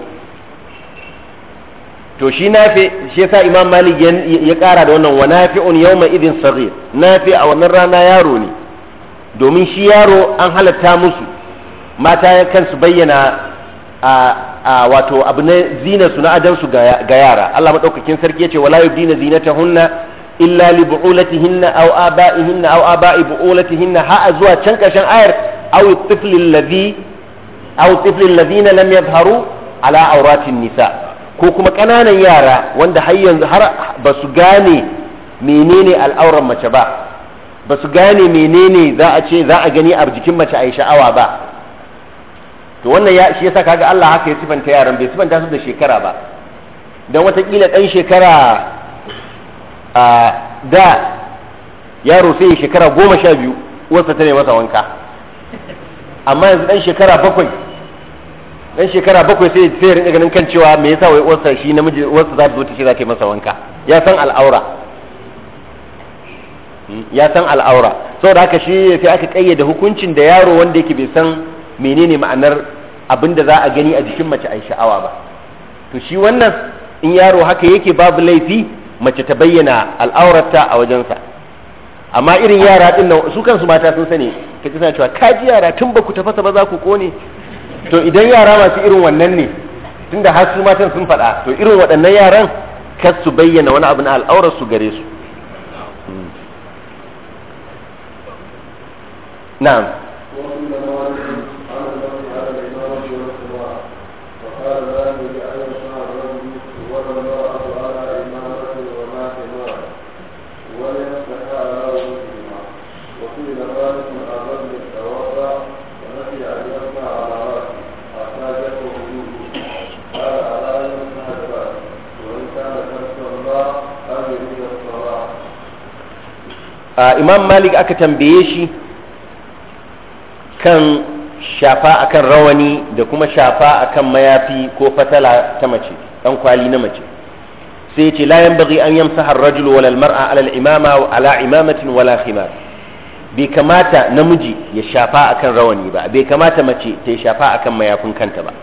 to shi nafi shi yasa imam malik ya kara da wannan wa nafi'un yawma idin saghir nafi a wannan rana yaro ne domin shi yaro an halatta musu mata kansu bayyana a a wato abu na zinarsu na adansu ga yara Allah maɗaukakin sarki ya yace wala yubdina zinatahunna illa li bu'ulatihinna aw aba'ihinna aw aba'i bu'ulatihinna ha zuwa can karshen ayar aw tifl alladhi aw tifl alladhina lam yadhharu ala awrati nisa ko kuma kananan yara wanda har yanzu har ba gane menene al'auran mace ba ba gane menene za a ce za a gani a jikin mace a yi sha'awa ba to wannan ya shi yasa kaga Allah haka ya sifanta yaran bai sifanta su da shekara ba dan watakila dan shekara a da yaro sai shekara goma sha biyu uwarsa ta ne masa wanka amma yanzu dan shekara bakwai dan shekara bakwai sai sai rinka ganin kan cewa me yasa wai uwarsa shi namiji uwarsa za ta zo ta ce za ta yi masa wanka ya san al'aura hmm, ya san al'aura saboda haka shi sai aka kayyade hukuncin da yaro wanda yake bai san menene ma'anar abin da za a gani a jikin mace ai sha'awa ba to shi wannan in yaro haka yake babu laifi mace ta bayyana al'aurarta a wajensa amma irin yara din nan su kansu mata sun sani ka ji cewa ka ji yara tun ba ku tafasa ba za ku kone to idan yara masu irin wannan ne tunda har su matan sun faɗa to irin waɗannan yaran kar su bayyana wani abu na al'aurar su gare su hmm. na'am A imam malik aka tambaye shi kan shafa akan rawani da kuma shafa akan mayafi ko fatala ta mace dan kwali na mace sai ce layan yanbaghi an yamsa ar-rajulu mara ala al-imama wa ala imamatin wala khimar bai kamata namiji ya shafa akan rawani ba bai kamata mace ta shafa akan mayafin kanta ba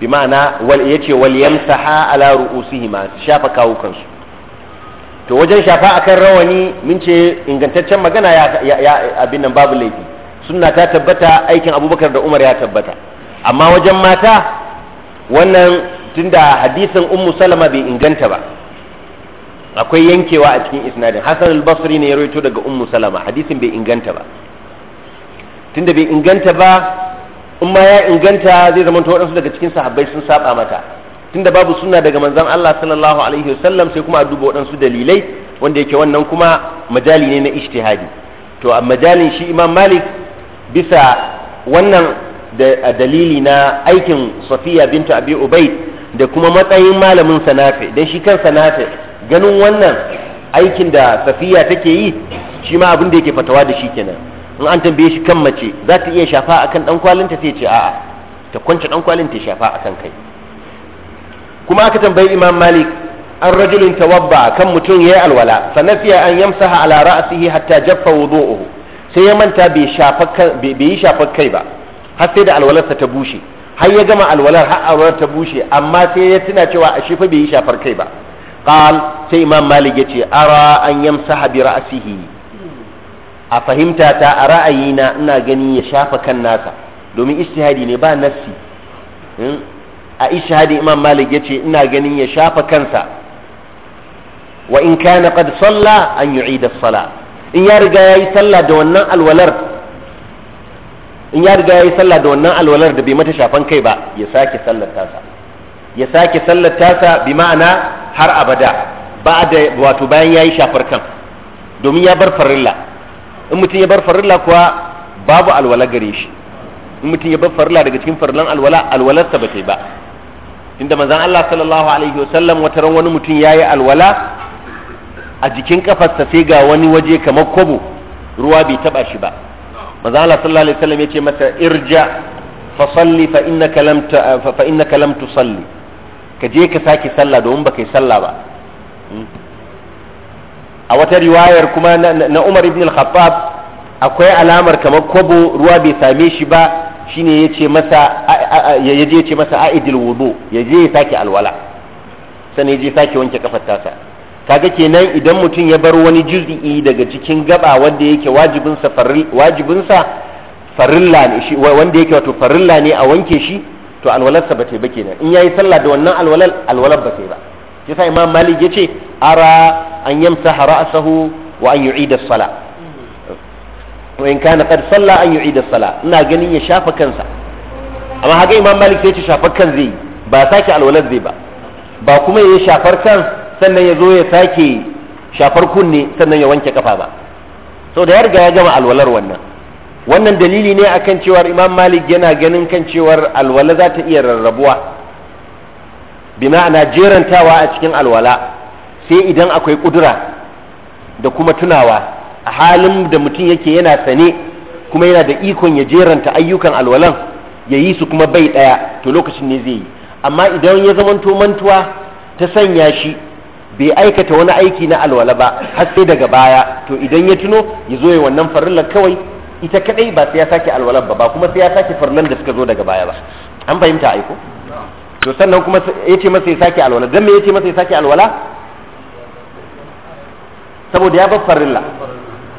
bi ma'ana wal yace wal yamsaha ala ru'usihima shafa su. to wajen shafa akan rawani mun ce ingantaccen magana ya abin nan babu laifi sunna ta tabbata aikin abubakar da umar ya tabbata amma wajen mata wannan tunda hadisin ummu salama bai inganta ba akwai yankewa a cikin isnadin hasan al-basri ne ya rawaito daga ummu salama hadisin bai inganta ba tunda bai inganta ba in ya inganta zai zama waɗansu daga cikin sahabbai sun saba mata tunda babu sunna daga manzon Allah sallallahu alaihi wasallam sai kuma a duba waɗansu dalilai wanda yake wannan kuma majali ne na ijtihadi to a majalin shi Imam Malik bisa wannan da dalili na aikin Safiya bintu Abi Ubaid da kuma matsayin malamin Sanafi dan shi kan Sanafi ganin wannan aikin da Safiya take yi shi ma abin da yake fatawa da shi kenan in an tambaye shi kan mace za ta iya shafa akan dan kwalinta sai ce a'a ta kwance dan kwalinta ya shafa akan kai kuma aka tambayi imam malik an rajulin tawabba kan mutum yi alwala fa nafiya an yamsaha ala ra'sihi hatta jaffa wudu'uhu sai ya manta bai yi shafar kai ba har sai da alwalarsa ta bushe har ya gama alwalar har alwalar ta bushe amma sai ya tuna cewa a shi fa bai yi shafar kai ba qal sai imam malik yace ara an yamsaha bi a fahimta ta a ra'ayina ina gani ya shafa kan nasa domin istihadi ne ba nassi hmm? a ishihadi imam malik ya ce ina ganin ya shafa kansa wa in kana qad salla an yu'ida sala in ya riga yayi sallah da wannan alwalar in ya riga yayi sallah da wannan alwalar da bai mata shafan kai ba ya sake sallar tasa ya sake sallar tasa bi ma'ana har abada ba da wato bayan yayi shafar kan domin ya bar farilla in mutum ya bar farilla kuwa babu alwala gare shi in mutum ya bar farla daga cikin farlan alwala alwalarsa ba ta ba inda manzon Allah sallallahu alaihi wasallam wata ran wani mutum yayi alwala a jikin kafarsa sai ga wani waje kamar kobo ruwa bai taba shi ba manzon Allah sallallahu alaihi wasallam yace masa irja fa salli fa innaka lam fa innaka lam tusalli ka je ka sake sallah domin baka yi sallah ba hmm? a wata riwayar kuma na Umar ibn al-Khattab akwai alamar kamar kobo ruwa bai same shi ba shine yace masa yaje yace masa aidil wudu yaje ya sake alwala sannan yaje sake wanke kafar tasa kaga kenan idan mutum ya bar wani juz'i daga cikin gaba wanda yake wajibin sa wajibin sa farilla ne shi wanda yake wato farilla ne a wanke shi to alwalarsa ba ta ba kenan in yayi sallah da wannan alwalar alwalar ba ta ba yasa imam malik yace ara an yamsa ra'sahu wa an yu'ida as-salah wa in kana qad salla an yu'ida sala ina ganin ya shafa kansa amma haka imam malik sai ya ce shafar kan zai ba sake alwalar zai ba ba kuma ya shafar kan sannan ya zo ya sake shafar kunne sannan ya wanke kafa ba so da ya riga ya gama alwalar wannan wannan dalili ne akan cewar imam malik yana ganin kan cewar alwala za ta iya rarrabuwa bi ma'ana jerantawa a cikin alwala sai idan akwai kudura da kuma tunawa a halin da mutum yake yana sane kuma yana da ikon ya jeranta ayyukan alwalan ya yi su kuma bai ɗaya to lokacin ne zai yi amma idan ya zama mantuwa ta sanya shi bai aikata wani aiki na alwala ba har sai daga baya to idan ya tuno ya zo ya wannan farillar kawai ita kadai ba sai ya sake alwalan ba ba kuma sai ya sake farillar da suka zo daga baya ba an fahimta aiko to sannan kuma ya ce masa ya sake alwala dan me ya ce masa ya sake alwala saboda ya bar farilla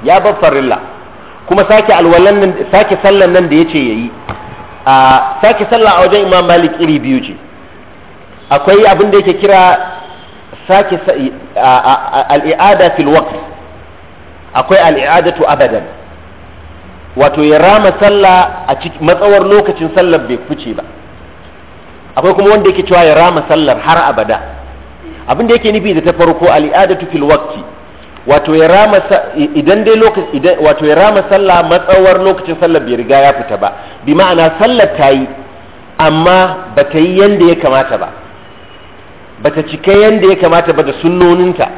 ya bar farilla kuma sake alwalan nan sake sallan nan da yace yayi a sake sallah a wajen Imam Malik iri biyu ce akwai abin da yake kira sake al-i'ada fil waqt akwai al-i'adatu abadan wato ya rama sallah a matsawar lokacin sallar bai fice ba akwai kuma wanda yake cewa ya rama sallar har abada abin da yake nufi da ta farko al-i'adatu fil waqti wato ya rama idan dai lokaci wato ya rama sallah matsawar lokacin sallar bai riga ya fita ba bi ma'ana sallar ta yi amma ba ta yi yanda ya kamata ba ba ta cika yanda ya kamata ba da sunnoninta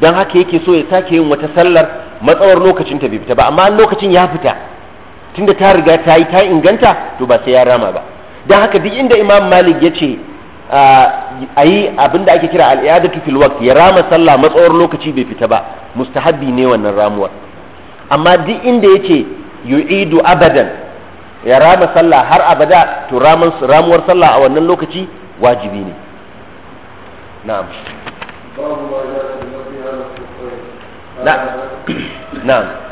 don haka yake so ya sake yin wata sallar matsawar lokacin ta bai fita ba amma lokacin ya fita tunda ta riga ta yi ta inganta to ba sai ya rama ba don haka duk inda imam malik ya ce a yi abin da ake kira al'ada fil waqt ya rama sallah matsawar lokaci bai fita ba mustahabbi ne wannan ramuwar amma duk inda yake yu'idu abadan ya rama sallah har abada to ramuwar sallah a wannan lokaci wajibi ne na'am na'am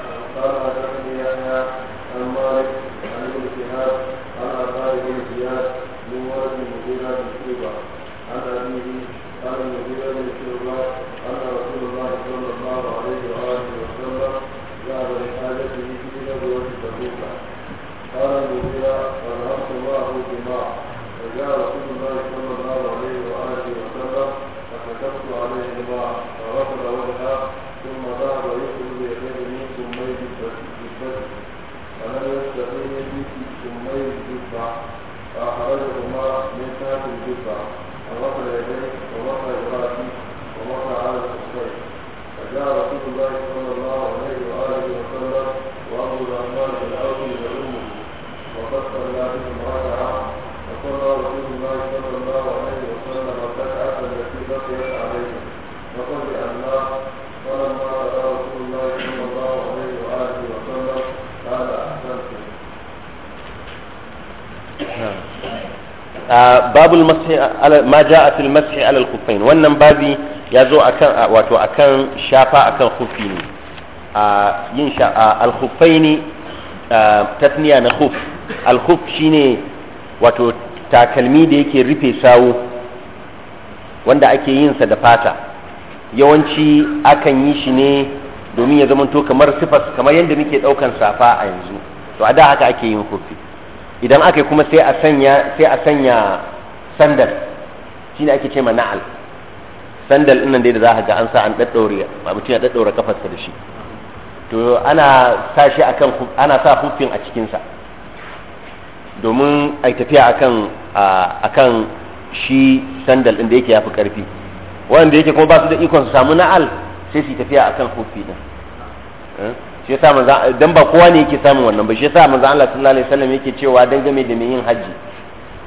ساعة الجفعة ووقع يديه ووقع راسه ووقع على الخفين فجاء رسول الله صلى الله عليه وآله وسلم وأبو الرحمن بن عوف وأمه وقد صلى بهم ركعة رسول الله صلى الله عليه وسلم الركعة التي بقيت عليه فقد أنها فلما رأى babul mashi ma ja'a fil mashi al-khuffain wannan babi ya zo akan wato akan shafa akan khuffi ne a yin sha al-khuffain tasniya na huf al-khuff shine wato takalmi da yake rufe sawo wanda ake yin sa da fata yawanci akan yi shi ne domin ya zamanto kamar sifas kamar yadda muke daukan safa a yanzu to a da haka ake yin kufi idan aka yi kuma sai a sanya sai a sanya sandal shine ake ce ma na'al sandal ɗin nan dai da za ka ga an sa an daddaure ba mutum ya daddaure kafarsa da shi to ana sa shi akan ana sa hufin a cikin sa domin ai tafiya akan akan shi sandal ɗin da yake yafi karfi wanda yake kuma ba su da ikon su samu na'al sai su tafiya akan hufi din eh? shi yasa manzo dan ba kowa ne yake samun wannan ba shi yasa manzo Allah sallallahu alaihi wasallam yake cewa dan game da yin haji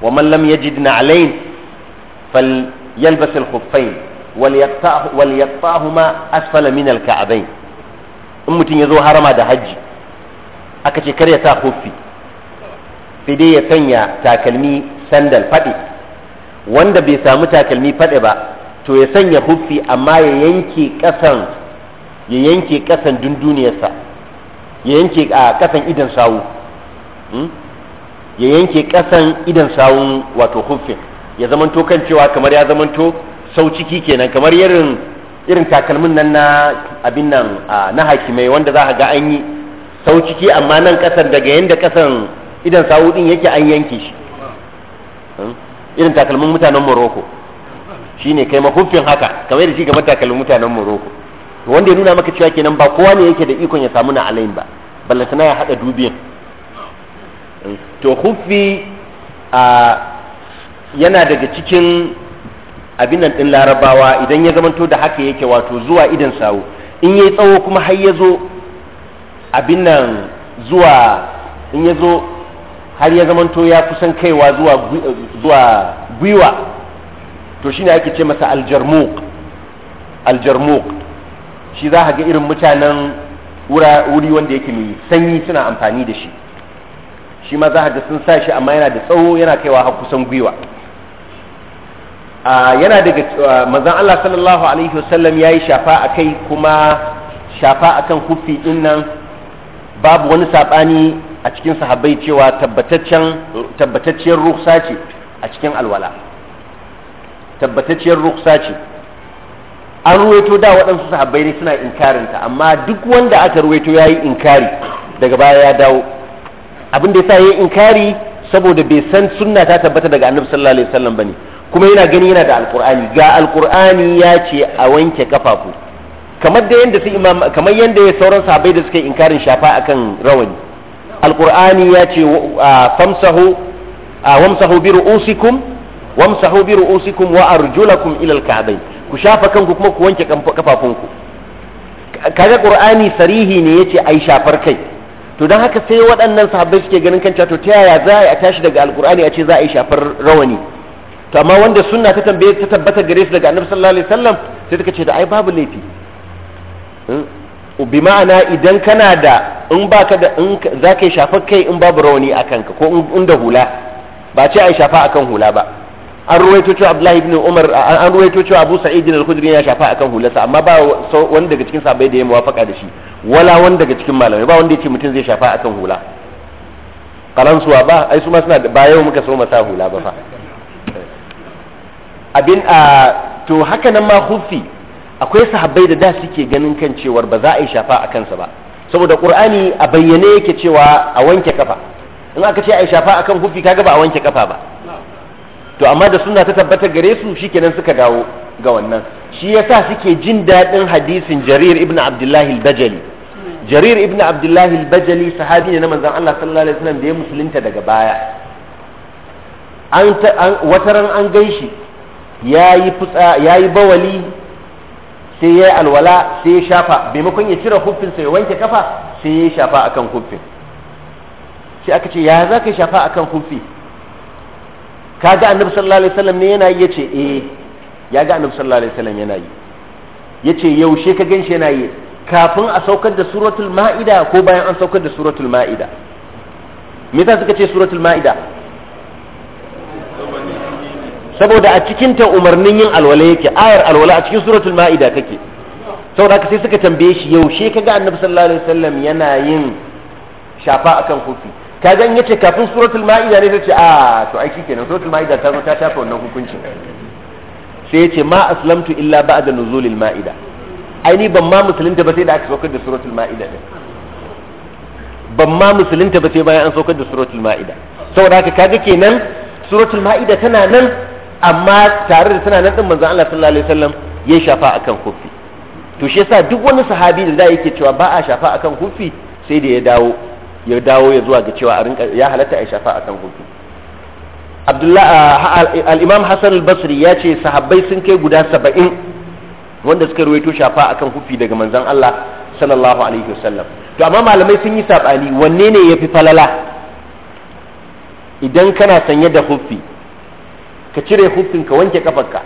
wa man lam yajid fal yalbas al-khuffayn asfala min al ka'bayn in mutum ya zo harama da hajji aka ce kar ya sa khuffi sai dai ya sanya takalmi sandal fadi wanda bai samu takalmi fadi ba to ya sanya huffi amma ya yanke kasan ya yanke kasan dunduniyarsa ya yanke a kasan idan sawu hmm? ya yanke kasan idan sawun wato huffin ya zamanto kan cewa kamar ya zamanto sau ciki kenan kamar irin irin takalmin nan na abin nan na hakimai wanda za ga an yi sau ciki amma nan kasan daga yanda kasan idan sawu din yake an yanke shi hmm? irin takalmin mutanen Morocco shine kai mahuffin haka kamar da shi kamar takalmin mutanen Morocco wanda ya nuna maka cewa kenan ba kowa ne yake da ikon ya samu na alayin ba ballatana ya hada dubiyan to a yana daga cikin abin din larabawa idan ya zamanto da haka yake wato zuwa idan sawo in yayi tsawo kuma har ya zo abin nan zuwa in ya zo har ya zamanto ya kusan kaiwa zuwa zuwa gwiwa to shine ake ce masa aljarmuq aljarmuq shi za ka ga irin mutanen wuri wanda yake mai sanyi suna amfani da shi shi ma za ka ga sun sa shi amma yana da tsawo yana kaiwa har kusan gwiwa yana daga manzon Allah sallallahu alaihi wasallam yayi shafa akai kuma shafa akan kufi din nan babu wani saɓani a cikin sahabbai cewa tabbataccen ruksa ce a cikin alwala tabbataccen ruksa ce an ruwaito da waɗansu sahabbai ne suna inkarinta amma duk wanda aka ruwaito ya yi inkari daga baya ya dawo abin da ya sa ya yi inkari saboda bai san sunna ta tabbata daga annabi sallallahu alaihi wasallam bane kuma yana gani yana da alqur'ani ga alqur'ani ya ce a wanke kafafu kamar da yanda su imam kamar yanda ya sauran sahabbai da suka yi inkarin shafa akan rawani alqur'ani ya ce famsahu wamsahu bi ru'usikum wamsahu bi ru'usikum wa arjulakum ila al ku shafa kanku kuma ku wanke kafafunku kaga qur'ani sarihi ne yace ai shafar kai to don haka sai waɗannan sahabbai suke ganin kanta to ta yaya za a tashi daga alkur'ani a ce za a yi shafar rawani to amma wanda sunna ta tambaye ta tabbata gare su daga annabi sallallahu alaihi wasallam sai ta ce da ai babu laifi bi ma'ana idan kana da in baka da in za yi shafar kai in babu rawani akan ka ko in da hula ba ce a shafa akan hula ba an ruwaito cewa Abdullahi ibn Umar an ruwaito cewa Abu Sa'id al-Khudri ya shafa akan hulasa amma ba wani daga cikin sahabbai da ya muwafaka da shi wala wani daga cikin malamai ba wanda ya ce mutum zai shafa akan hula suwa ba ai su ma suna ba yau muka so masa hula ba fa abin a to haka nan ma hufi akwai sahabbai da da suke ganin kan cewar ba za a yi shafa a kansa ba saboda qur'ani a bayyane yake cewa a wanke kafa in aka ce a yi shafa akan hufi kaga ba a wanke kafa ba to amma da suna ta tabbata gare su shikenan suka dawo ga wannan shi yasa suke jin daɗin hadisin jarir ibn abdullahi al-bajali jarir ibn abdullahi al-bajali sahabi ne na manzon Allah sallallahu alaihi wasallam da ya musulunta daga baya an wataran an ganshi yayi futsa yayi bawali sai yayi alwala sai ya shafa maimakon ya cire huffin sai ya wanke kafa sai ya shafa akan huffin sai aka ce ya za ka shafa akan huffi ka ga annabi sallallahu alaihi wasallam ne yana yi yace eh ya ga annabi sallallahu alaihi wasallam yana yi yace yaushe ka ganshi yana yi kafin a saukar da suratul ma'ida ko bayan an saukar da suratul ma'ida me yasa suka ce suratul ma'ida saboda a cikin ta umarnin yin alwala yake ayar alwala a cikin suratul ma'ida take saboda haka sai suka tambaye shi yaushe ka ga annabi sallallahu alaihi wasallam yana yin shafa akan kufi ka gan yace kafin suratul ma'ida ne tace a ah, to ai kenan suratul ma'ida ta zo ta tafi wannan hukuncin sai yace ma aslamtu illa ba'da nuzulil ma'ida ai ni ban ma musulunta ba sai da aka saukar da suratul ma'ida din ban ma musulunta ba sai bayan an saukar da suratul ma'ida saboda haka kaga kenan suratul ma'ida tana nan amma tare da tana nan din manzon Allah sallallahu alaihi wasallam ya shafa akan kufi to shi yasa duk wani sahabi da da yake cewa ba a shafa akan kufi sai da ya dawo ya dawo ya zuwa ga cewa ya halatta a shafa akan hutu al-imam hasan al-basri ya ce sahabbai sun kai guda saba'in wanda suka ruwaito shafa akan hufi daga manzan Allah sallallahu alaihi wasallam to amma malamai sun yi sabani wanne ne yafi falala idan kana sanye da hufi ka cire hufin ka wanke kafarka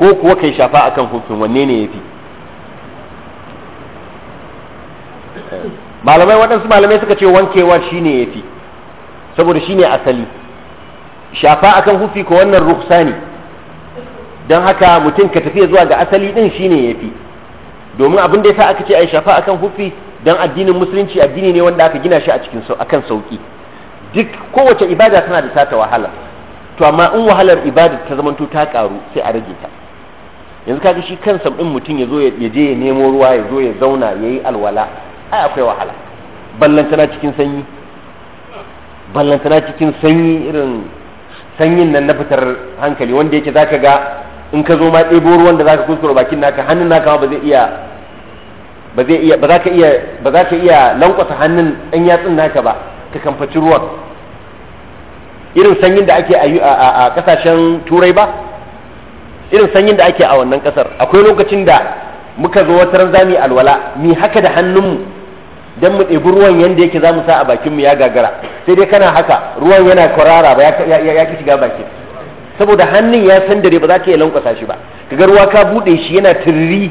ko kuwa kai shafa akan hufin wanne ne yafi malamai waɗansu malamai suka ce wankewa shine fi saboda shine asali shafa akan hufi ko wannan ruksa ne don haka mutum ka tafiya zuwa ga asali din shine fi domin abin da ya sa aka ce a yi shafa akan hufi don addinin musulunci addini ne wanda aka gina shi a cikin akan sauki duk kowace ibada tana da sata wahala to amma in wahalar ibada ta zamanto ta karu sai a rage ta yanzu kaga shi kansa ɗin mutum ya zo ya je ya nemo ruwa ya zo ya zauna ya yi alwala ai akwai wahala ballantana cikin sanyi ballantana cikin sanyi irin sanyin nan na fitar hankali wanda yake zaka ga in ka zo ma ɗebo ruwan da zaka kuskura bakin naka hannun naka ba zai iya ba zai iya ba za ka iya ba za ka iya lankwasa hannun ɗan yatsun naka ba ka kamfaci ruwan irin sanyin da ake a kasashen turai ba irin sanyin da ake a wannan kasar akwai lokacin da muka zo wata ranzami alwala mi haka da hannunmu dan mu ɗebi ruwan yanda yake za mu sa a bakinmu ya gagara sai dai kana haka ruwan yana kwarara ba ya ki shiga bakin saboda hannun ya san dare ba za ka iya lankwasa shi ba kaga ruwa ka buɗe shi yana tirri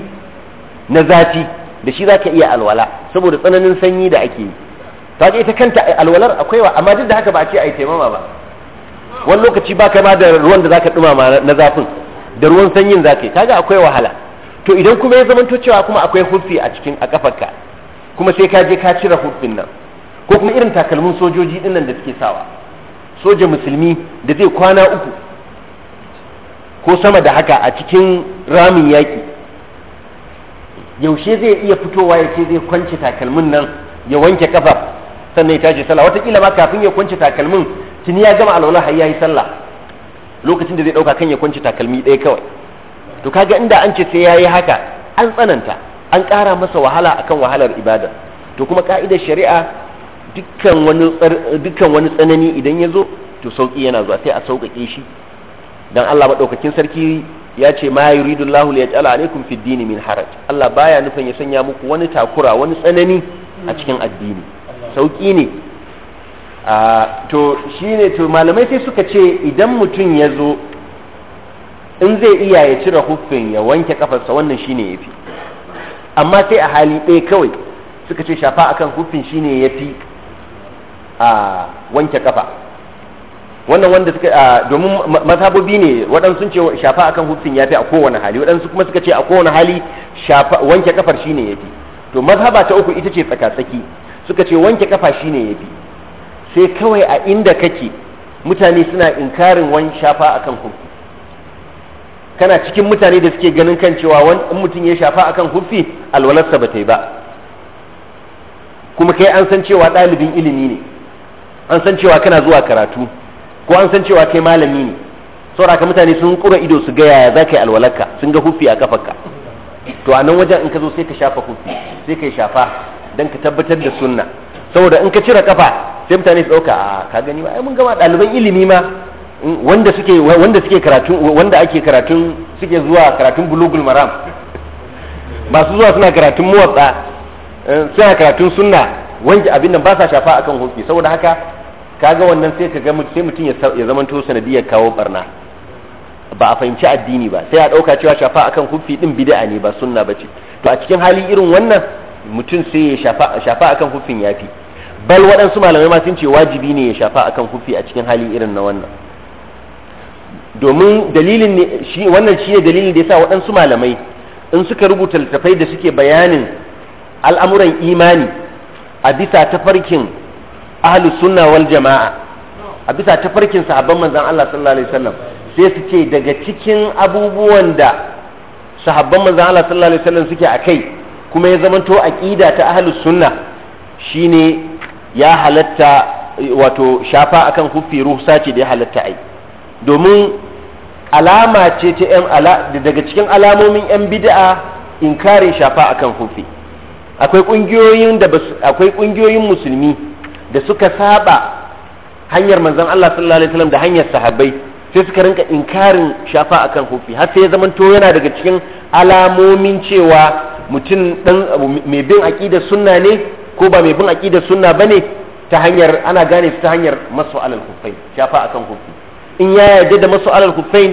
na zafi da shi za ka iya alwala saboda tsananin sanyi da ake yi ta ita kanta alwalar akwai wa amma duk da haka ba a ce a yi taimama ba wani lokaci ba ka ba da ruwan da za ka ɗumama na zafin da ruwan sanyin za ka yi kaga akwai wahala to idan kuma ya zamanto cewa kuma akwai hufi a cikin a kafarka kuma sai ka je ka cire hudbin nan ko kuma irin takalmin sojoji din nan da suke sawa soja musulmi da zai kwana uku ko sama da haka a cikin ramin yaƙi yaushe zai iya fitowa ya ce zai kwance takalmin nan ya wanke kafa sannan ya tashi sallah watakila ma kafin ya kwance takalmin tuni ya gama alwala har ya yi sallah lokacin da zai ɗauka kan ya kwance takalmi ɗaya kawai to kaga inda an ce sai ya yi haka an tsananta an ƙara masa wahala akan wahalar ibada to kuma ka'idar shari'a dukkan wani tsanani idan ya zo to sauƙi yana zuwa sai a sauƙaƙe shi dan Allah madaukakin sarki ya ce ma yuridu Allah li ya alaikum fid dini min haraj Allah baya nufin ya sanya muku wani takura wani tsanani a cikin addini sauƙi ne a to shine to malamai sai suka ce idan mutum ya zo in zai iya ya cire huffin ya wanke kafarsa wannan shine yafi amma sai a hali ɗaya kawai suka ce shafa akan hufin shine ya fi a wanke kafa wannan wanda suka domin mazhabobi ne waɗansu sun ce shafa akan hufin ya fi a kowane hali waɗansu kuma suka ce a kowane hali wanke kafar shine ya fi to mazhaba ta uku ita ce tsakatsaki suka ce wanke kafa shine ya fi sai kawai a inda kake mutane suna inkarin wani shafa akan hufi kana cikin mutane da suke ganin kan cewa in mutum ya shafa akan hufi alwalarsa ba ta yi ba kuma kai an san cewa ɗalibin ilimi ne an san cewa kana zuwa karatu ko an san cewa kai malami ne ka mutane sun kura ido su ga yaya za ka yi alwalarka sun ga hufi a kafarka to a nan wajen in ka zo sai ka shafa hufi sai ka shafa don ka tabbatar da sunna saboda in ka cire kafa sai mutane su ɗauka a ka gani ba ai mun gama ɗaliban ilimi ma wanda suke wanda suke karatun wanda ake karatun suke zuwa karatun bulugul maram masu zuwa suna karatun muwatsa eh, suna karatun sunna wanda abin nan ba sa shafa akan hoki saboda haka kaga wannan sai kaga sai mutum ya zamanto sanadiyar kawo barna ba a fahimci addini ba sai a dauka cewa shafa akan hufi din bid'a ne ba sunna bace to a cikin hali irin wannan mutum sai ya shafa shafa akan huffin yafi bal waɗansu malamai ma sun ce wajibi ne ya shafa akan hufi a cikin hali irin na wannan domin dalilin ne shi wannan shi ne dalilin da ya sa waɗansu malamai in suka rubuta littattafai da suke bayanin al'amuran imani a bisa tafarkin ahlus sunna wal jama'a a bisa tafarkin sahabban manzon Allah sallallahu alaihi wasallam sai su ce daga cikin abubuwan da sahabban manzon Allah sallallahu alaihi wasallam suke akai kuma ya zamanto aqida ta ahlus sunna shine ya halatta wato shafa akan huffi ruhsa sace da ya halatta ai domin alama ce ta yan daga cikin alamomin yan bid'a inkarin shafa akan hufi akwai kungiyoyin da akwai kungiyoyin musulmi da suka saba hanyar manzon Allah sallallahu alaihi wasallam da hanyar sahabbai sai suka rinka inkarin shafa akan hufi har sai ya zama to yana daga cikin alamomin cewa mutum dan mai bin aqidar sunna ne ko ba mai bin aqidar sunna bane ta hanyar ana gane su ta hanyar masu alal hufai shafa akan hufi in ya yarda da mas'alal kufain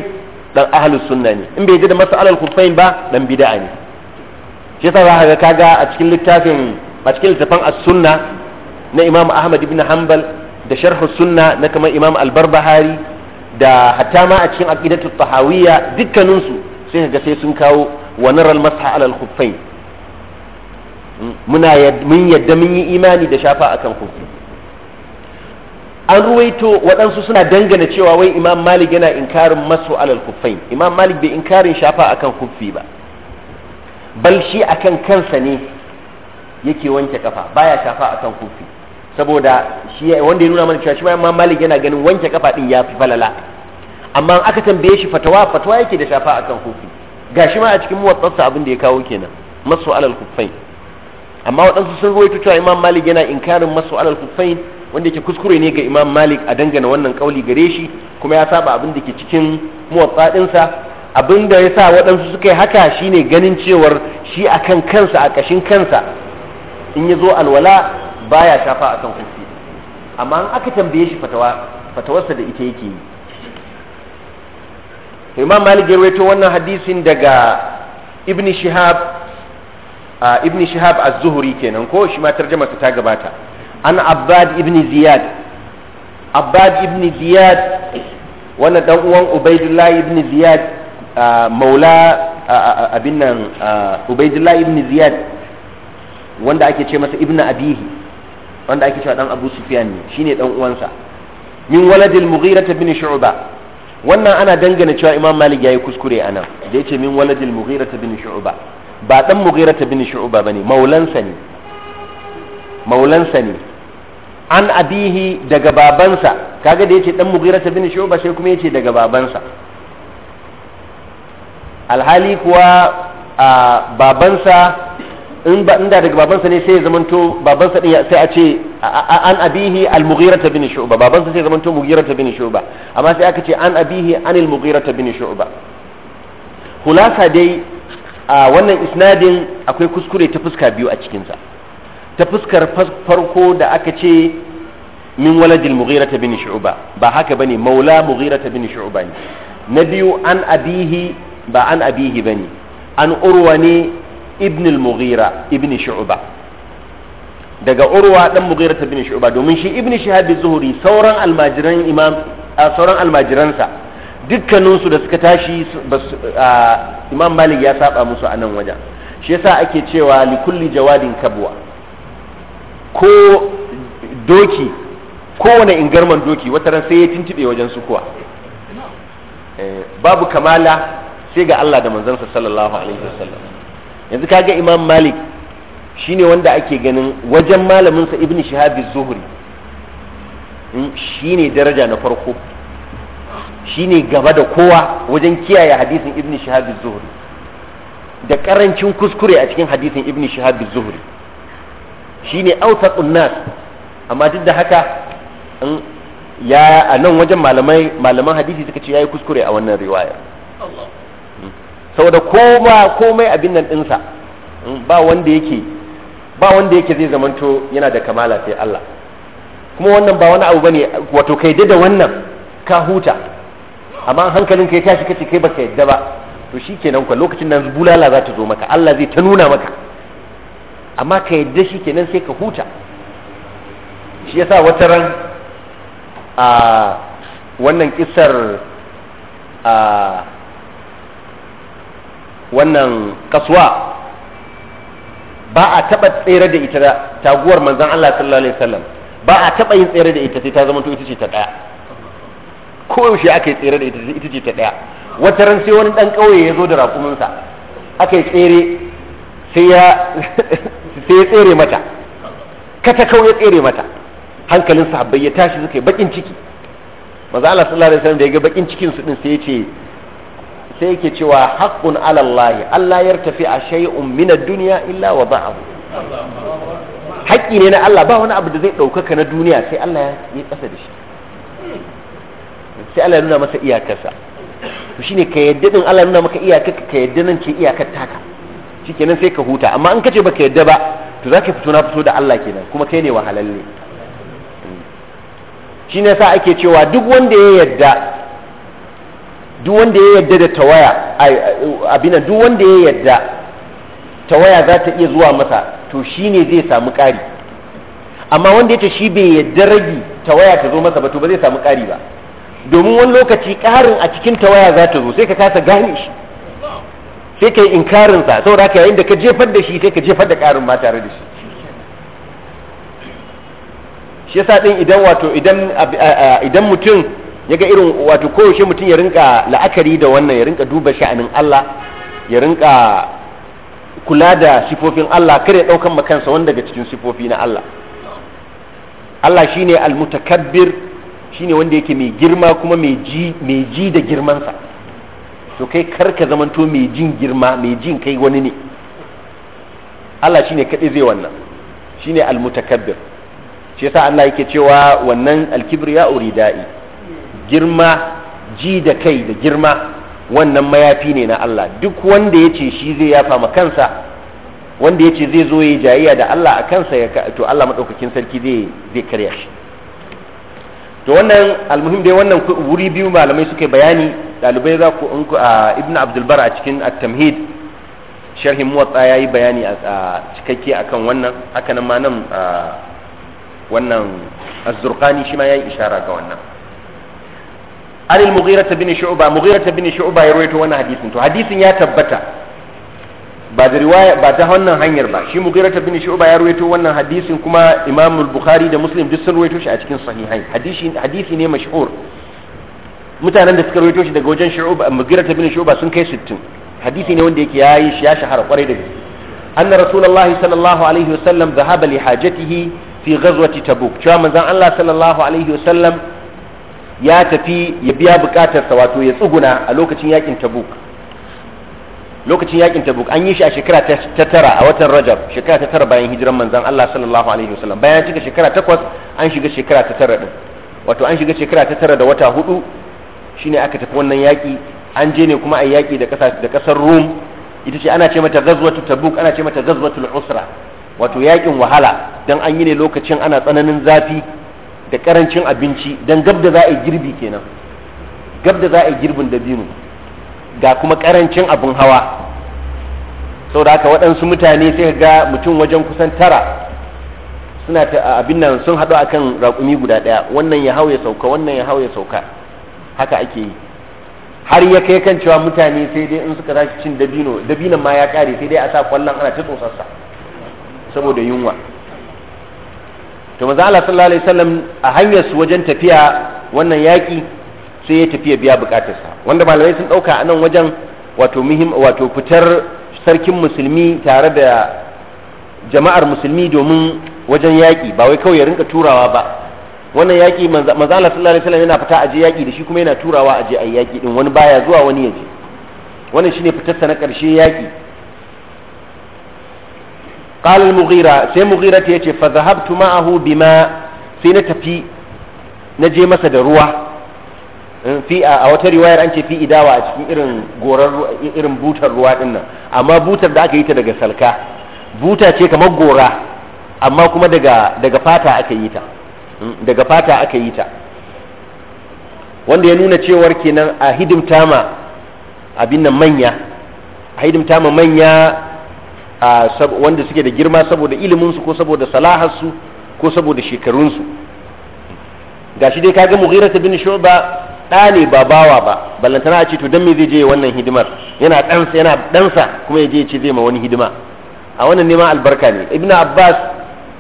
dan ahlus sunna ne in bai yarda da mas'alal kufain ba dan bid'a ne shi yasa za ga kaga a cikin littafin a cikin littafin as-sunna na Imam Ahmad ibn Hanbal da sharh sunna na kamar Imam Al-Barbahari da hatta ma a cikin aqidatu tahawiyya dukkanin su sai kaga sai sun kawo wa naral masha alal kufain muna mun yadda mun yi imani da shafa akan kufain an ruwaito waɗansu suna dangana cewa wai imam malik yana inkarin masu alal kuffai imam malik bai inkarin shafa akan kuffi ba bal shi akan kansa ne yake wanke kafa baya shafa akan kuffi saboda shi wanda ya nuna mana cewa shi ma imam malik yana ganin wanke kafa din ya fi falala amma aka tambaye shi fatawa fatawa yake da shafa akan kuffi gashi ma a cikin muwatsatsa abin da ya kawo kenan masu alal kuffai amma waɗansu sun ruwaito cewa imam malik yana inkarin masu alal kuffai wanda yake kuskure ne ga imam malik a dangana wannan kauli gare shi kuma ya saba abin da ke cikin muwatsa ɗinsa abin da ya sa waɗansu suka yi haka shine ganin cewar shi akan kansa a ƙashin kansa in ya zo alwala baya shafa akan kufi amma an aka tambaye shi fatawa fatawarsa da ita yake yi to imam malik ya rawaito wannan hadisin daga ibn shihab ibn shihab az-zuhri kenan ko shi ma tarjama ta gabata an abbad ibn ziyad abbad ibn ziyad wannan dan uwan ubaidullah ibn ziyad maula abin nan ubaidullah ibn ziyad wanda ake ce masa ibn abihi wanda ake cewa dan abu sufyan ne shine dan uwansa min waladil mughira ibn shu'ba wannan ana dangana cewa imam malik yayi kuskure anan da yace min waladil mughira ibn shu'ba ba dan mughira ibn shu'ba bane maulansa ne maulansa ne an abihi daga babansa kaga da yace dan ta bin shu'ba sai kuma yace daga babansa alhali kuwa a babansa in ba inda daga babansa ne sai ya zamanto babansa din sai a ce an abihi al ta bin shu'ba babansa sai ya zamanto ta bin shu'ba amma sai aka ce an abihi anil ta bin shu'ba hulasa dai a wannan isnadin akwai kuskure ta fuska biyu a cikinsa ta fuskar farko da aka ce min waladil ta bin shu'ba ba haka bane maula ta bin shu'ba ne na biyu an abihi ba an abihi bane an urwa ne ibn al-mughira ibn shu'ba daga urwa dan ta bin shu'ba domin shi ibn shihab az-zuhri sauran almajiran imam sauran dukkanin dukkaninsu da suka tashi imam malik ya saba musu a nan wajen shi yasa ake cewa likulli jawadin kabwa ko doki kowane ingarman doki wata ran sai ya tuntube wajen su kuwa eh, babu kamala sai ga Allah da manzansa sallallahu alaihi wasallam yanzu kaga imam malik shine wanda ake ganin wajen malaminsa ibn shihab zuhri hmm, shine daraja na farko shine gaba da kowa wajen kiyaye hadisin ibn shihab zuhri da karancin kuskure a cikin hadisin ibn shihab zuhri shi ne nas amma duk da haka ya a nan wajen malaman hadisi suka ce ya yi kuskure a wannan riwaya saboda koma komai abin nan dinsa ba wanda yake ba wanda yake zai zamanto yana da kamala sai Allah kuma wannan ba wani abu bane wato kai da wannan ka huta amma hankalin kai tashi kace kai baka yadda ba to shikenan ku lokacin nan bulala za ta zo maka Allah zai ta nuna maka amma ka yadda shi kenan sai ka huta shi yasa wata ran a wannan kisar a wannan kasuwa ba a taɓa tsere da ita taguwar manzan Allah sallallahu alaihi wasallam ba a taɓa yin tsere da ita sai ta zama to ita ce ta ɗaya yaushe aka yi tsere da ita ita ce ta ɗaya wata ran sai wani ɗan ƙauye ya zo da raƙuminsa aka yi tsere sai ya sai ya tsere mata kawai ya tsere mata hankalin sahabbai ya tashi suka yi bakin ciki maza Allah sallallahu alaihi wasallam da ya ga bakin cikin su din sai ya ce sai yake cewa haqqun ala Allah Allah yartafi a shay'un min ad-dunya illa wada'ahu haƙƙi ne na Allah ba wani abu da zai ɗaukaka na duniya sai Allah ya yi ƙasa da shi sai Allah ya nuna masa iyakarsa to shine ka yadda din Allah ya nuna maka iyakarka ka yadda nan ce iyakar taka shikenan sai ka huta amma in kace baka yadda ba to zaka fito na fito da Allah kenan kuma kai ne wahalalle shi ne sa ake cewa duk wanda ya yadda duk wanda ya yadda da tawaya abinan duk wanda ya yadda tawaya za ta iya zuwa masa to shi ne zai samu ƙari amma wanda ya ce shi bai yadda ragi tawaya ta zo masa ba to ba zai samu ƙari ba domin wani lokaci ƙarin a cikin tawaya za ta zo sai ka kasa gane shi sai ka yi inkarin sa saboda haka yayin da ka jefar da shi sai ka jefar da karin ma tare da shi shi yasa din idan wato idan mutum ya ga irin wato koyaushe mutum ya rinka la'akari da wannan ya rinka duba sha'anin Allah ya rinka kula da sifofin Allah kar ya ɗaukan makansa wanda daga cikin sifofi na Allah Allah shine al-mutakabbir shine wanda yake mai girma kuma mai ji da girmansa to kai kar ka zamanto mai jin girma mai jin kai wani ne Allah shine kadai zai wannan shine almutakabbir shi yasa Allah yake cewa wannan alkibriya uridai girma ji da kai da girma wannan mayafi ne na Allah duk wanda yace shi zai yafa ma kansa wanda yace zai zo yayi jayayya da Allah a kansa ya to Allah madaukakin sarki zai karya shi to wannan almuhim dai wannan wuri biyu malamai suke bayani dalibai za ku in ibn abdul bar a cikin at-tamhid sharhin muwatta yayi bayani a cikakke akan wannan haka nan ma nan wannan az-zurqani shi ma yayi ishara ga wannan an al-mughira bin shu'ba mughira bin shu'ba ya rawaito wannan hadisin to hadisin ya tabbata ba da riwaya ba ta wannan hanyar ba shi ta bin shu'ba ya ruwaito wannan hadisin kuma imam al-bukhari da muslim duk sun ruwaito shi a cikin sahihai hadisi hadisi ne mashhur mutanen da suka ruwaito shi daga wajen shu'ba ta bin shu'ba sun kai 60 hadisi ne wanda yake yayi shi ya shahara kwarai da gaske anna rasulullahi sallallahu alaihi wasallam dhahaba li hajatihi fi ghazwati tabuk cewa manzon Allah sallallahu alaihi wasallam ya tafi ya biya bukatarsa wato ya tsuguna a lokacin yakin tabuk lokacin yakin tabuk an yi shi a shekara ta tara a watan rajab shekara ta tara bayan hijiran manzan Allah sallallahu alaihi wasallam bayan cika shekara takwas an shiga shekara ta tara din wato an shiga shekara ta tara da wata hudu shine aka tafi wannan yaki an je ne kuma a yaki da kasa da kasar Rum ita ce ana ce mata ghazwatu tabuk ana ce mata ghazwatul usra wato yakin wahala dan an yi ne lokacin ana tsananin zafi da karancin abinci dan gab da za a girbi kenan gab da za a girbin dabino ga kuma karancin abin hawa sau da haka waɗansu mutane sai ga mutum wajen kusan tara suna ta abin nan sun haɗu akan raƙumi guda ɗaya wannan ya hau ya sauka wannan ya hau ya sauka haka ake yi har ya kai kan cewa mutane sai dai in suka tashi cin dabino dabinan ma ya kare sai dai a sa kwallon ana ta tsotsarsa saboda yunwa to maza Allah sallallahu alaihi wasallam a hanyar su wajen tafiya wannan yaƙi sai ya tafi ya biya bukatarsa wanda malamai sun dauka a nan wajen wato muhim wato fitar sarkin musulmi tare da jama'ar musulmi domin wajen yaƙi ba wai kawai ya rinka turawa ba wannan yaƙi manzo Allah sallallahu alaihi wasallam yana fita aje yaƙi da shi kuma yana turawa aje a yaƙi din wani baya zuwa wani yaje wannan shine fitarsa na ƙarshe yaƙi قال المغيرة سي مغيرة يتي sai na tafi na je masa da ruwa. fi a wata riwayar an ce fi idawa a cikin irin gorar irin butar ruwa din nan amma butar da aka yi ta daga salka buta ce kamar gora amma kuma daga daga fata aka yi ta hmm, daga fata aka yi ta wanda ya nuna cewar kenan a hidimta ma abin nan manya a hidimta ma manya wanda suke da girma saboda iliminsu ko saboda su ko saboda shekarunsu gashi dai kaga mughirata bin shuba ɗa ne ba bawa ba ballantana a ce to don me zai je wannan hidimar yana ɗansa yana ɗansa kuma ya je ce zai ma wani hidima a wannan neman albarka ne ibnu abbas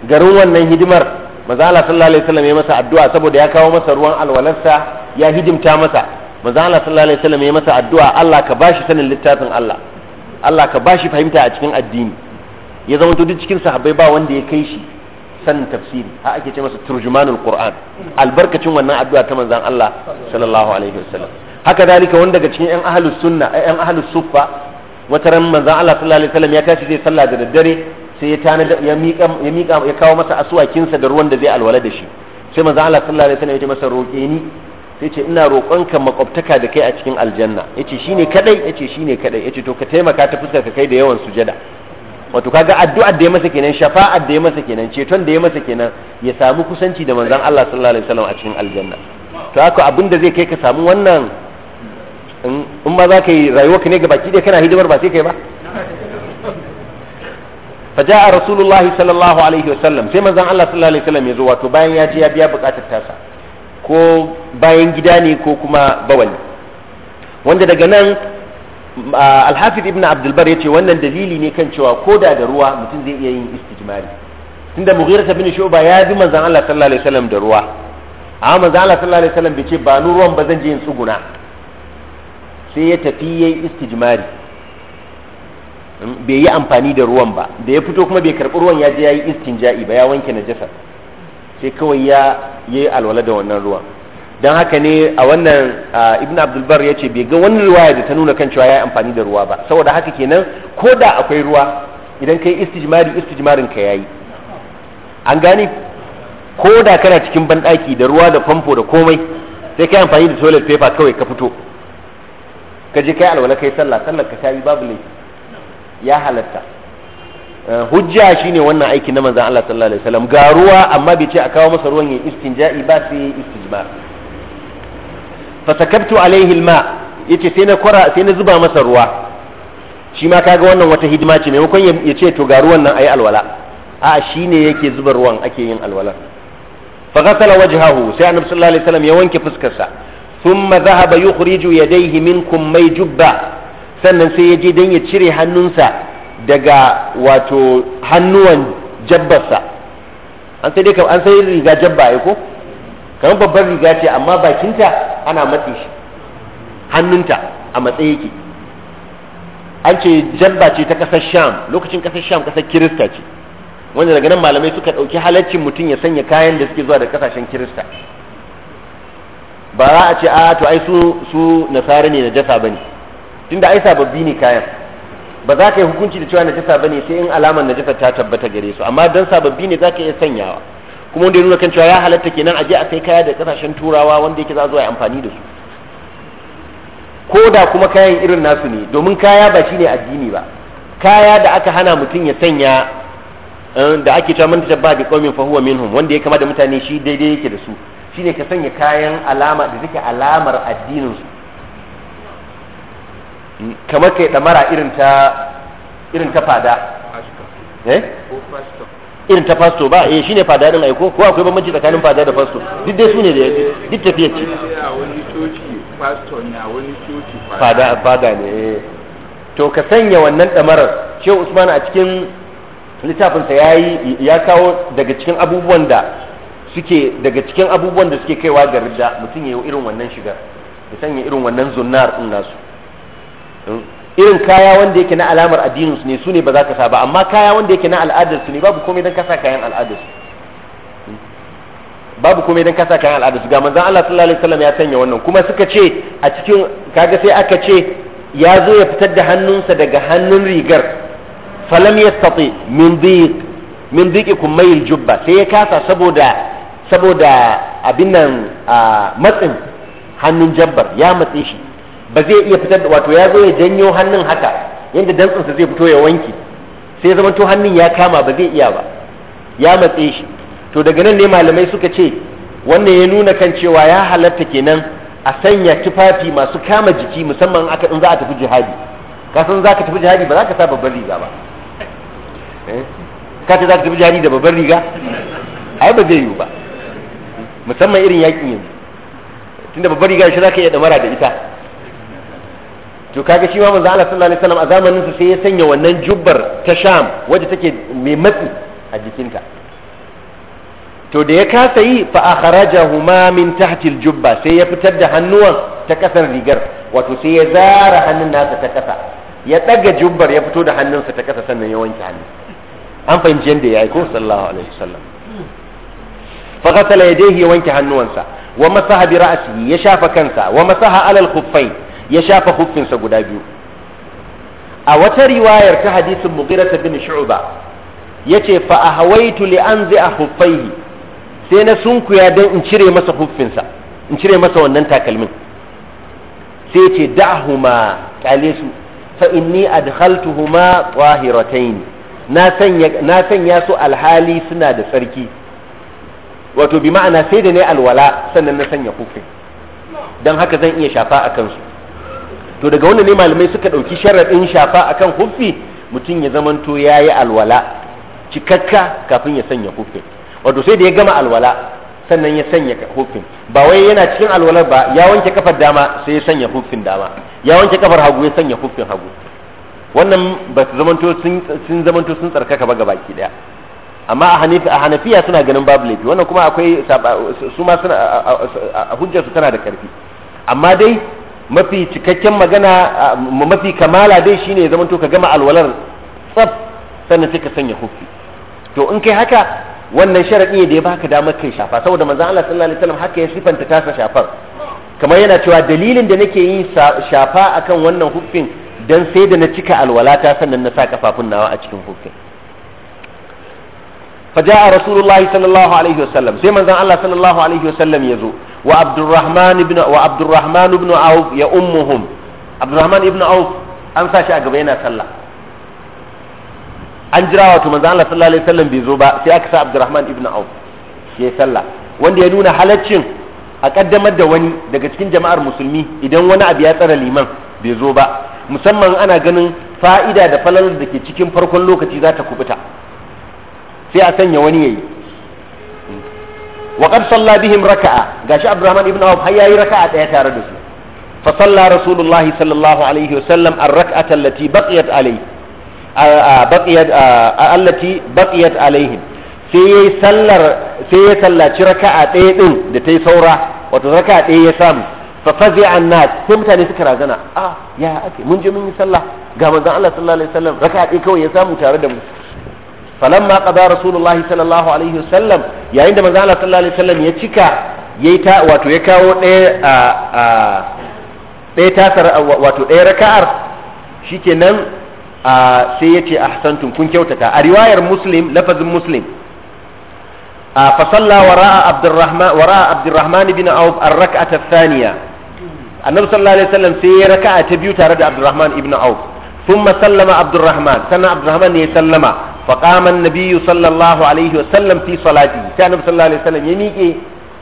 garin wannan hidimar manzo Allah sallallahu alaihi wasallam ya masa addu'a saboda ya kawo masa ruwan alwalarsa ya hidimta masa manzo Allah sallallahu alaihi wasallam ya masa addu'a Allah ka bashi sanin littafin Allah Allah ka bashi fahimta a cikin addini ya zama to duk cikin sahabbai ba wanda ya kai shi sanin tafsiri ha ake ce masa turjumanul qur'an albarkacin wannan addu'a ta manzon Allah sallallahu alaihi wasallam haka dalika wanda daga cikin yan ahlus sunna yan ahlus suffa wata ran manzon Allah sallallahu alaihi wasallam ya tashi zai salla da daddare sai ya tanada ya miƙa ya miƙa ya kawo masa asuwakinsa da ruwan da zai alwala da shi sai manzon Allah sallallahu alaihi wasallam ya ce masa roƙe ni sai ce ina roƙonka makwabtaka da kai a cikin aljanna yace shine kadai yace shine kadai yace to ka taimaka ta fuskar ka kai da yawan sujada wato kaga addu'ar da ya masa kenan shafa'ar da ya masa kenan ceton da ya masa kenan ya samu kusanci da manzon Allah sallallahu alaihi wasallam a cikin aljanna to haka abin da zai kai ka samu wannan in ma za ka yi rayuwa ka ne ga baki da kana hidimar ba sai kai ba faja'a rasulullahi sallallahu alaihi wasallam sai manzon Allah sallallahu alaihi wasallam ya zo wato bayan ya je ya biya bukatar tasa ko bayan gida ne ko kuma bawali wanda daga nan alhafiz ibn abdulbar ya ce wannan dalili ne kan cewa ko da da ruwa mutum zai iya yin istijmari tunda mughira bin shuba ya ji manzon Allah sallallahu alaihi wasallam da ruwa amma manzon Allah sallallahu alaihi wasallam bai ce ba ni ruwan ba zan je in tsuguna sai ya tafi yayi istijmari bai yi amfani da ruwan ba da ya fito kuma bai karbi ruwan ya je ya yi istinja'i ba ya wanke najasa sai kawai ya yi alwala da wannan ruwan don haka ne a wannan ibn abdulbar ya ce bai ga wani ruwaya da ta nuna kan cewa ya yi amfani da ruwa ba saboda haka kenan ko da akwai ruwa idan ka yi istijmari istijmarin ka yi an gane ko da kana cikin banɗaki da ruwa da famfo da komai sai ka yi amfani da toilet paper kawai ka fito ka je kai alwala kai sallah sallar ka ta yi babu laifi ya halatta eh, hujja shine wannan aiki na manzon Allah sallallahu alaihi wasallam ga ruwa amma bai ce a kawo masa ruwan ya istinja'i ba sai istijmar fatakabtu alaihi alma yace sai na kwara sai na zuba masa ruwa shi ma kaga wannan wata hidima ce maimakon ya ce to ga ruwan nan ayi alwala a shine yake zuba ruwan ake yin alwala fa ghasala wajhahu sai annabi sallallahu alaihi wasallam ya wanke fuskarsa thumma dhahaba yukhriju yadayhi min mai jubba sannan sai ya je dan ya cire hannunsa daga wato hannuwan jabbarsa an sai dai an sai riga jabba ai ko kamar babbar riga ce amma bakinta ana matse shi hannunta a matse yake an ce jalba ce ta kasar sham lokacin kasar sham kasar kirista ce wanda daga nan malamai suka ɗauki halaccin mutum ya sanya kayan da suke zuwa da kasashen kirista ba za a ce a to ai su su nasara ne najasa bane tunda ai sababbi ne kayan ba za ka yi hukunci da cewa najasa bane sai in alamar najasa ta tabbata gare su amma dan sababbi ne za ka iya sanyawa kuma wanda ya nuna kan cewa ya halatta kenan a je a sai kaya da kasashen turawa wanda yake za zuwa amfani da su ko da kuma kayan irin nasu ne domin kaya ba shine addini ba kaya da aka hana mutum ya sanya eh, da ake cewa manta tabba bi qaumin fa huwa minhum wanda ya kama da mutane shi daidai yake da su shine ka sanya kayan alama da take alamar addinin su kamar kai damara irin ta irin ta fada eh irin ta fasto ba eh shine fada din aiko ko akwai bambanci tsakanin fada da fasto duk dai su ne da duk tafiyar ce fada fada ne eh. to ka sanya wannan damarar ce usman a cikin littafinsa ya yayi ya kawo daga cikin abubuwan da suke daga cikin abubuwan da suke kaiwa ga ridda mutum ya yi irin wannan shigar ya sanya irin wannan zunnar din nasu hmm? irin kaya wanda yake na alamar addinin su ne su ne ba za ka sa ba amma kaya wanda yake na al'adar su ne babu komai dan kasa kayan al'adar su babu komai dan kasa kayan al'adar su ga manzon Allah sallallahu alaihi wasallam ya sanya wannan kuma suka ce a cikin kaga sai aka ce ya zo ya fitar da hannunsa daga hannun rigar falam yastati min dhiq min dhiqikum mayl jubba sai ya kasa saboda saboda abin nan matsin hannun jabbar ya matse shi ba zai iya fitar da wato ya zo ya janyo hannun haka yadda dantsinsa zai fito ya wanke sai zama to hannun ya kama ba zai iya ba ya matse shi to daga nan ne malamai suka ce wannan ya nuna kan cewa ya halatta kenan a sanya tufafi masu kama jiki musamman aka in za a tafi jihadi ka san za ka tafi jihadi ba za ka sa babbar riga ba eh? ka ce za ka tafi jihadi da babbar riga ai ba zai yiwu ba musamman irin yakin yanzu tunda babbar riga shi za ka iya damara da ita to kaga shi ma manzo Allah sallallahu alaihi wasallam a zamanin sa sai ya sanya wannan jubbar ta sham wacce take mai matsi a jikinta to da ya kasa yi fa akhrajahuma min tahtil jubba sai ya fitar da hannuwan ta kasar rigar wato sai ya zara hannun nasa ta kasa ya daga jubbar ya fito da hannunsa ta kasa sannan ya wanke hannu an fahimci yadda ya yi ko sallallahu alaihi wasallam fa ghasala yadayhi ya wanke hannuwansa wa masaha bi ra'sihi ya shafa kansa wa masaha alal khuffayn ya shafa huffinsa guda biyu a wata riwayar ta hadisin ta bin shu'ba ya ce fa ahawaitu li a huffaihi sai na sunkuya don in cire masa huffinsa in cire masa wannan takalmin sai ce da'huma kale su fa inni adkhaltuhuma tahiratayn na sanya su alhali suna da tsarki wato bi ma'ana sai da ne alwala sannan na sanya huffin don haka zan iya shafa a kansu to daga wannan ne malamai suka ɗauki sharaɗin shafa akan huffi mutum ya zamanto ya yi alwala cikakka kafin ya sanya huffin wato sai da ya gama alwala sannan ya sanya huffin ba wai yana cikin alwalar ba ya wanke kafar dama sai ya sanya huffin dama ya wanke kafar hagu ya sanya huffin hagu wannan ba su zamanto sun zamanto sun tsarkaka ba gabaki daya amma a hanafiya suna ganin babu laifi wannan kuma akwai su ma suna hujjar su tana da karfi amma dai mafi cikakken magana mafi kamala dai shine ya zamanto ka gama alwalar tsaf sannan sai ka sanya hufi to in kai haka wannan sharadi ne da ya baka damar kai shafa saboda manzon Allah sallallahu alaihi wasallam haka ya sifanta tasa shafar kamar yana cewa dalilin da nake yin shafa akan wannan hufin dan sai da na cika alwalata sannan na sa kafafun nawa a cikin hufin فجاء رسول الله صلى الله عليه وسلم سيما زن الله صلى الله عليه وسلم يزو wa abdurrahman ibn wa abdurrahman ibn auf ya ummuhum abdurrahman ibn auf an sa shi a gaba yana sallah an jira to manzo Allah sallallahu alaihi wasallam bai zo ba sai aka sa abdurrahman ibn auf ya sallah wanda ya nuna halaccin a kaddamar da wani daga cikin jama'ar musulmi idan wani abu ya tsara liman bai zo ba musamman ana ganin fa'ida da falalar da ke cikin farkon lokaci za ta kubuta sai a sanya wani yayi wa qad salla bihim raka'a gashi Abdurrahman ibn Auf har yayi raka'a daya tare da su fa salla Rasulullah sallallahu alaihi wasallam ar-rak'ata allati baqiyat alayhi baqiyat allati baqiyat alaihim sai yayi sallar sai ya sallaci raka'a daya din da tayi saura wato raka'a daya ya samu fa fazi'a an-nas sai mutane suka razana ah ya ake mun je mun yi sallah ga manzon Allah sallallahu alaihi wasallam raka'a daya kawai ya samu tare da mu falamma qada rasulullahi sallallahu alaihi wasallam yayin da manzo Allah sallallahu alaihi wasallam ya cika yayi ta wato ya kawo ɗaya a ɗaya tasar wato ɗaya raka'ar shikenan sai ya ce kun kyautata a riwayar muslim lafazin muslim fa salla wara'a abdurrahman wara'a abdurrahman ibn auf ar-rak'ata ath-thaniya annabi sallallahu alaihi wasallam sai ya raka'a ta biyu tare da abdurrahman ibn auf thumma ne ya sallama فقام النبي صلى الله عليه وسلم في صلاته كان صلى الله عليه وسلم يميكي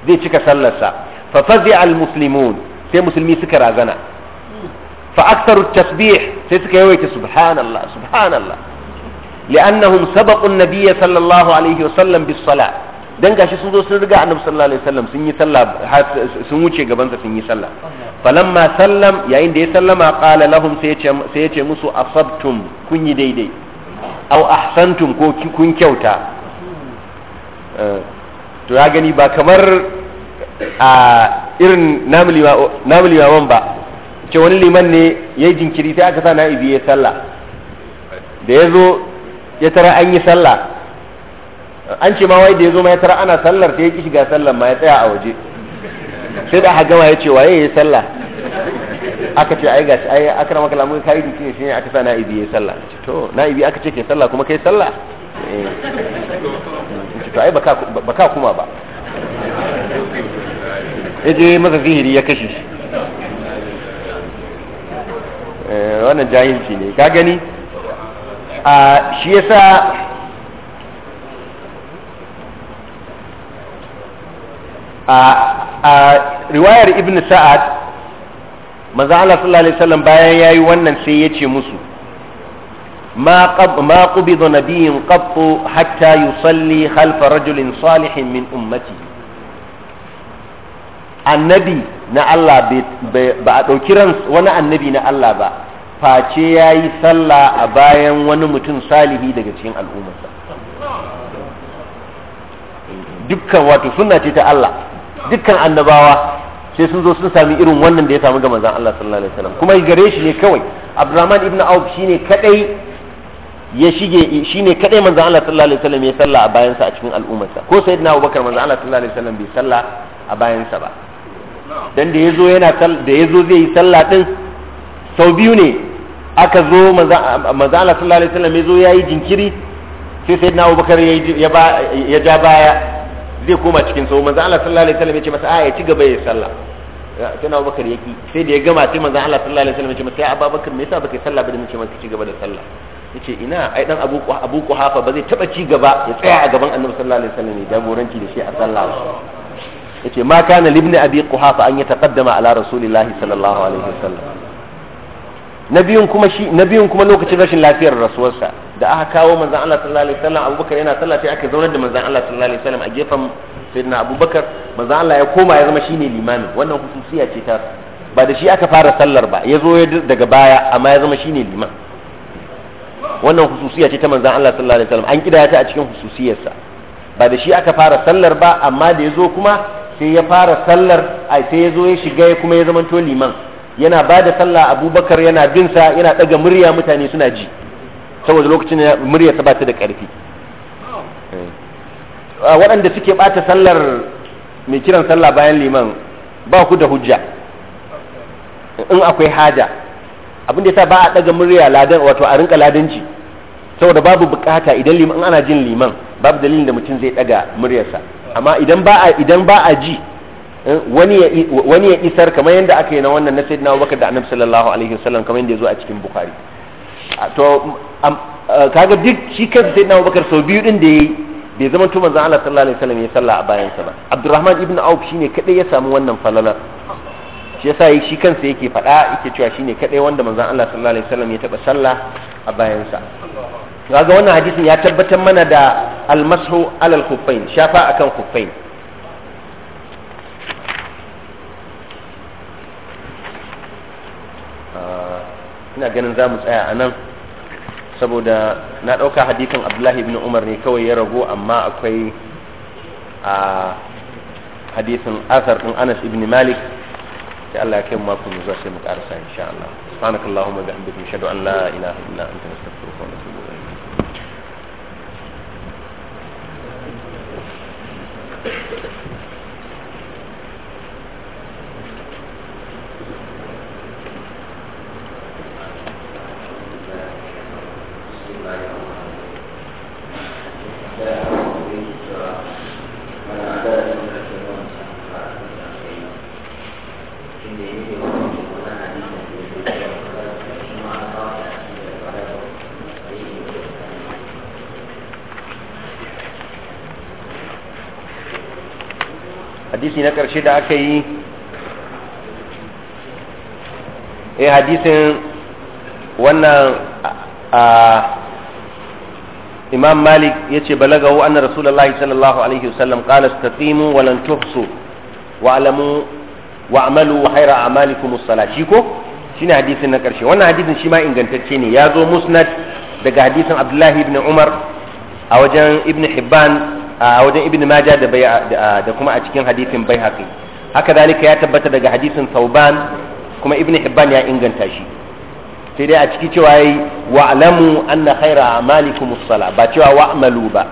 زي تشكى سلسة ففزع المسلمون سي مسلمي سكر أزنا فأكثر التسبيح سي سكى سبحان الله سبحان الله لأنهم سبقوا النبي صلى الله عليه وسلم بالصلاة dan gashi sun zo sun riga annabi sallallahu alaihi wasallam sun yi sallah sun wuce gaban sa sun yi sallah falamma sallam yayin da ya sallama qala lahum sai ya ce musu asabtum kun yi daidai au ahsantum ko kun kyauta eh, to ya gani ba kamar a irin namu limaman ba ce wani liman ne ya yi jinkiri sai aka sa ibi ya sallah da ya zo ya tara an yi sallah an ce ma wai da ya zo ma ya tara ana sallar ta ya ki shiga sallar ma ya tsaya a waje sai da aka gama ya ce waye ya yi sallah aka ce ai gashi ai rama maka lamun kai duki shi ne aka sa na'ibi yayi sallah ce to na'ibi aka ce ke sallah kuma kai sallah eh to ai baka baka kuma ba eje masa zihiri ya kashe shi eh, wannan jahilci ne ka gani a shi yasa a riwayar ibn sa'ad manzo Allah sallallahu alaihi wasallam bayan yayi wannan sai ya ce musu ma qab ma qubida nabiyyin qattu hatta yusalli khalf rajulin salihin min ummati annabi na Allah ba a ɗauki ran wani annabi na Allah ba face ya yi sallah a bayan wani mutum salihi daga cikin al'ummarsa dukkan wato suna ce ta Allah dukkan annabawa sai sun zo sun sami irin wannan da ya samu ga manzan Allah sallallahu alaihi wasallam kuma gare shi ne kawai Abdurrahman ibn Auf shine kadai ya shige shine kadai manzon Allah sallallahu alaihi wasallam ya salla a bayansa a cikin al'ummarsa ko sayyidina Abubakar manzan Allah sallallahu alaihi wasallam bai salla a bayansa ba dan da yazo yana da yazo zai yi salla din sau biyu ne aka zo manzan Allah sallallahu alaihi wasallam yazo yayi jinkiri sai sayyidina Abubakar ya ja baya zai koma cikin sau manzan Allah sallallahu alaihi wasallam ya ce masa a ya ci gaba ya sallah sai na Abubakar yaki sai da ya gama sai manzan Allah sallallahu alaihi wasallam ya ce masa ya Abubakar me yasa baka yi sallah ba da nace masa ci gaba da sallah ya ce ina ai dan Abu Abu Quhafa ba zai taba ci gaba ya tsaya a gaban Annabi sallallahu alaihi wasallam ya jagoranci da shi a sallah ya ce ma kana libni abi quhafa an taqaddama ala rasulillahi sallallahu alaihi wasallam na biyun kuma shi na biyun kuma lokacin rashin lafiyar rasuwarsa da aka kawo manzon Allah sallallahu alaihi wasallam Abubakar yana sallah sai aka zaunar da manzon Allah sallallahu alaihi wasallam a gefen sayyidina Abubakar manzon Allah ya koma ya zama shine limami wannan hususiya ce ta ba da shi aka fara sallar ba ya zo daga baya amma ya zama shine liman wannan hususiya ce ta manzon Allah sallallahu alaihi wasallam an kidaya ta a cikin hususiyarsa ba da shi aka fara sallar ba amma da ya zo kuma sai ya fara sallar sai ya zo ya shiga kuma ya zama to liman yana ba da sallah abubakar yana bin sa yana daga murya mutane suna ji saboda lokacin murya ta ba da karfi eh. ah, waɗanda suke bata sallar mai kiran sallah bayan liman ba ku da hujja in akwai haja abin da yasa ba a daga murya ladan wato a rinka ladanci saboda babu bukata idan liman ana jin liman babu dalilin da mutum zai daga muryarsa amma idan ba a ji wani ya isar kamar yadda aka yi na wannan na sayyidina Abubakar da Annabi sallallahu alaihi wasallam kamar yadda zo a cikin Bukhari to kaga duk shi kansa sayyidina Abubakar sau biyu din da yayi bai zama to manzon Allah sallallahu alaihi wasallam ya salla a bayan sa ba Abdurrahman ibn Auf shine kadai ya samu wannan falala shi yasa shi kansa yake faɗa yake cewa shine kadai wanda manzon Allah sallallahu alaihi wasallam ya taba sallah a bayan sa kaga wannan hadisin ya tabbatar mana da almasu alal khuffain shafa akan khuffain ina ganin za mu tsaya a nan saboda na ɗauka hadisin abdullahi ibn umar ne kawai ya rago amma akwai a hadisin asar ɗin anas ibn malik sai allah ya kai mako mu zuwa sai mu ƙarasa insha allah subhanakallahumma bihamdika nashhadu an la na illa anta nastaghfiruka wa natubu Thank you. hadisi na ƙarshe da aka yi eh hadisin wannan imam malik yace balaga balagahu anna rasulullahi sallallahu alaihi wasallam qala istaqimu wa lan tuhsu wa alamu wa amalu wa amalikum as shi ko shine hadisin na karshe wannan hadisin shi ma ingantacce ne ya zo musnad daga hadisin abdullahi ibn umar a wajen ibn hibban a wajen ibn maja da da kuma a cikin hadisin haƙi haka zalika ya tabbata daga hadisin sauban kuma ibn hibban ya inganta shi sai dai a ciki cewa yayi wa'lamu anna khaira a'malikum as-salah ba cewa wa'malu ba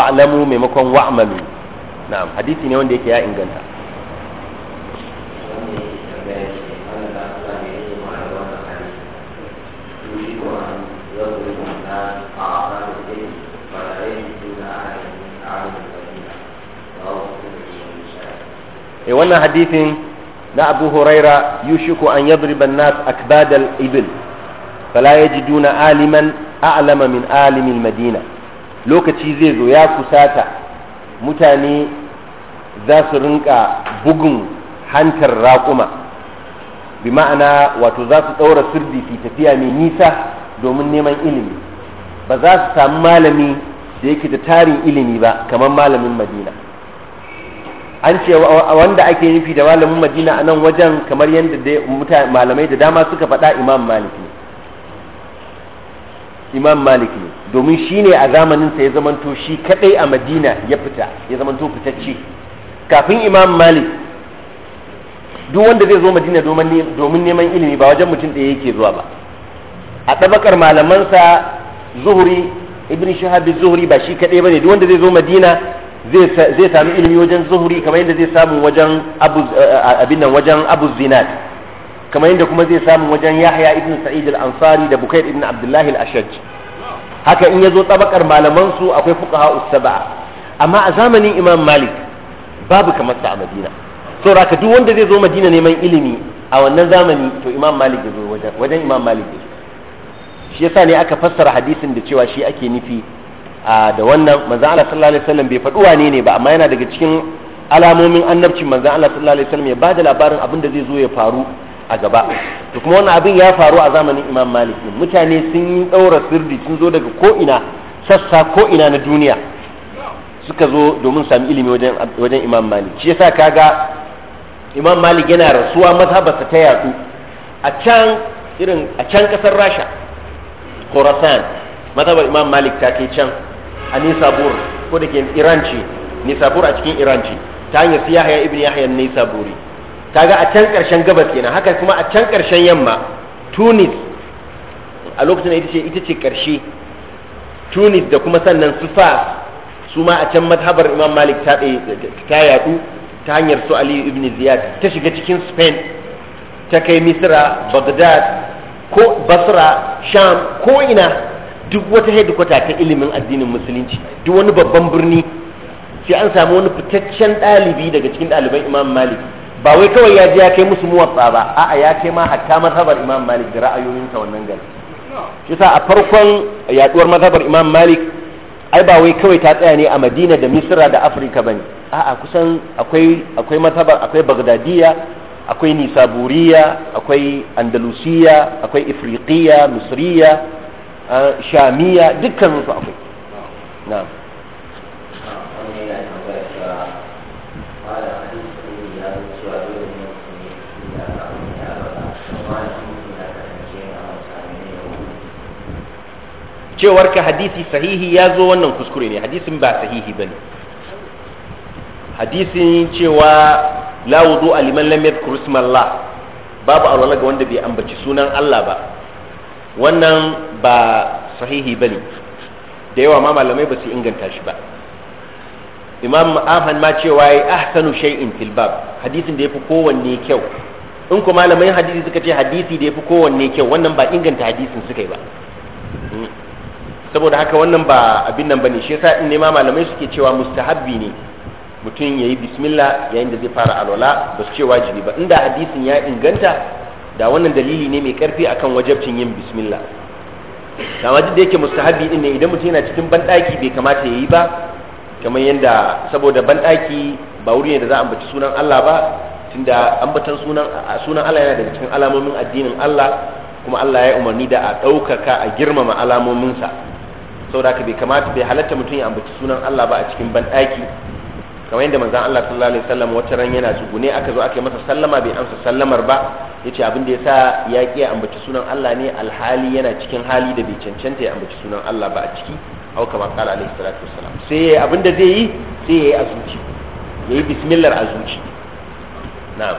wa'lamu maimakon wa'malu na'am hadisi ne wanda yake ya inganta e wannan hadithin na Abu Huraira yushiku an yadriba an-nas akbad al-ibil fala yajiduna aliman a'lama min alimil madina lokaci zai zo ya kusata mutane za su rinka bugun hantar raƙuma bi ma'ana wato za su ɗaura sirdi fi tafiya mai nisa domin neman ilimi ba za su samu malami da yake da tarin ilimi ba kamar malamin madina an ce wanda ake nufi da malamin madina a nan wajen kamar yadda malamai da dama suka faɗa imam malik ne imam malik ne domin shi ne a zamaninsa ya zamanto shi kaɗai a madina ya fita ya zamanto fitacce kafin imam malik duk wanda zai zo madina domin neman ilimi ba wajen mutum ɗaya yake zuwa ba a ɗabakar malamansa zuhuri ibn shahabi zuhuri ba shi kaɗai ba ne duk wanda zai zo madina zai sami ilimi wajen zuhuri kamar yadda zai samu wajen eh, eh, abin nan wajen abu zinat kamar yadda kuma zai samu wajen yahya ibn sa'id al-ansari da bukair ibn abdullahi al-ashaj haka in yazo tabakar malaman su akwai fuqaha us-sab'a amma a zamanin imam malik babu kamar sa a madina saboda ka duk wanda zai zo madina neman ilimi a wannan zamani to imam malik zai zo wajen wajen imam malik ya shi yasa ne aka fassara hadisin da cewa shi ake nufi da wannan manzan Allah sallallahu alaihi wasallam bai faɗi wane ne ba amma yana daga cikin alamomin annabcin manzan Allah sallallahu alaihi wasallam ya bada labarin abin da zai zo ya faru a gaba to kuma wannan abin ya faru a zamanin Imam Malik mutane sun yi daura sirri sun zo daga ko ina sassa ko ina na duniya suka zo domin sami ilimi wajen wajen Imam Malik shi yasa kaga Imam Malik yana rasuwa mazhabarsa ta yatsu a can irin a can kasar Rasha Khorasan mazhabar Imam Malik ta kai can a nisabur ko da ke iran ce nisabur a cikin iran ce ta hanyar su yahaya ibn yahaya nisaburi kaga a can karshen gabas kenan haka kuma a can karshen yamma tunis a lokacin ita ce ita ce karshe tunis da kuma sannan su fa su ma a can madhabar imam malik ta eh, ta yadu ta hanyar su ali ibn ziyad ta shiga cikin spain ta kai misra bagdad ko basra sham ko ina duk wata headquarter ta ilimin addinin musulunci duk wani babban birni sai an samu wani fitaccen ɗalibi daga cikin ɗaliban imam malik ba wai kawai ya je ya kai musu muwatsa ba a'a ya kai ma hatta mazhabar imam malik da ra'ayoyinsa wannan gari shi sa a farkon yaduwar mazhabar imam malik ai ba wai kawai ta tsaya ne a madina da misira da afirka ba ne a'a kusan akwai akwai mazhabar akwai bagdadiya akwai nisaburiya akwai andalusiya akwai ifriqiya misriya shamiya su akwai na'am cewar ka hadisi sahihi ya zo wannan kuskure ne hadisin ba sahihi ba ne, hadisin cewa la wudu aliman lam yadhkur ismallah babu alwala ga wanda bai ambaci sunan Allah ba wannan ba sahihi bane da yawa ma malamai ba su inganta shi ba imam ahmad ma cewa ya ahsanu shay'in fil bab hadisin da yafi kowanne kyau in ku malamai hadisi suka ce hadisi da yafi kowanne kyau wannan ba inganta hadisin suka yi ba hmm. saboda haka wannan ba abin nan bane shi yasa in ne ma malamai suke cewa mustahabbi ne mutum yayi bismillah yayin da zai fara alwala ba su ce wajibi ba inda hadisin ya inganta da wannan dalili ne mai karfi akan wajabcin yin bismillah amma duk da yake mustahabi din ne idan mutum yana cikin banɗaki bai kamata ya yi ba kamar yadda saboda banɗaki ba wuri ne da za a ambaci sunan Allah ba tunda ambatan sunan sunan Allah yana daga cikin alamomin addinin Allah kuma Allah ya umarni da a ɗaukaka a girmama alamominsa saboda haka bai kamata bai halatta mutum ya ambaci sunan Allah ba a cikin banɗaki kamar yadda manzon Allah sallallahu alaihi wasallam wata ran yana tsugune aka zo aka yi masa sallama bai amsa sallamar ba yace abin da yasa ya ki ambaci sunan Allah ne alhali yana cikin hali da bai cancanta ya ambaci sunan Allah ba a ciki au kama qala alaihi salatu wassalam sai yayi abin da zai yi sai yayi a zuci yayi bismillah a zuci na'am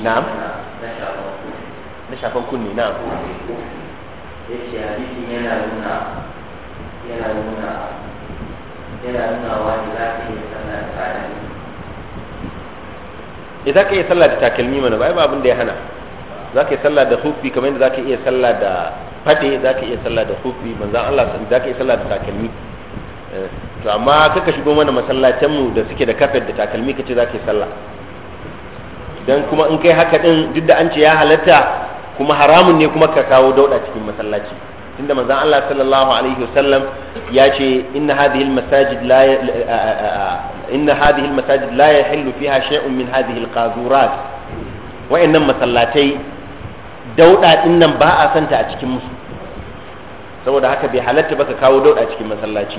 na'am na shafan kunni na'am yace hadisi yana nuna yana nuna yana nuna wani za ka yi sallah da takalmi idan eh, ka yi sallah da takalmi mana ba abin da ya hana za ka yi sallah da hufi kamar yadda za ka iya sallah da fade za ka iya sallah da hufi manzan Allah za ka iya sallah da takalmi eh, to amma kaka shigo mana masallacinmu da suke da kafet da takalmi kace za ka yi sallah dan kuma in kai haka din duk da an ce ya halatta kuma haramun ne kuma ka kawo dauda cikin masallaci tunda manzon Allah sallallahu alaihi wasallam ya ce inna hadhihi almasajid la inna hadhihi almasajid la yahillu fiha shay'un min hadhihi alqazurat inna masallatai dauda din nan ba a santa a cikin musu saboda haka bai halatta ba ka kawo dauda cikin masallaci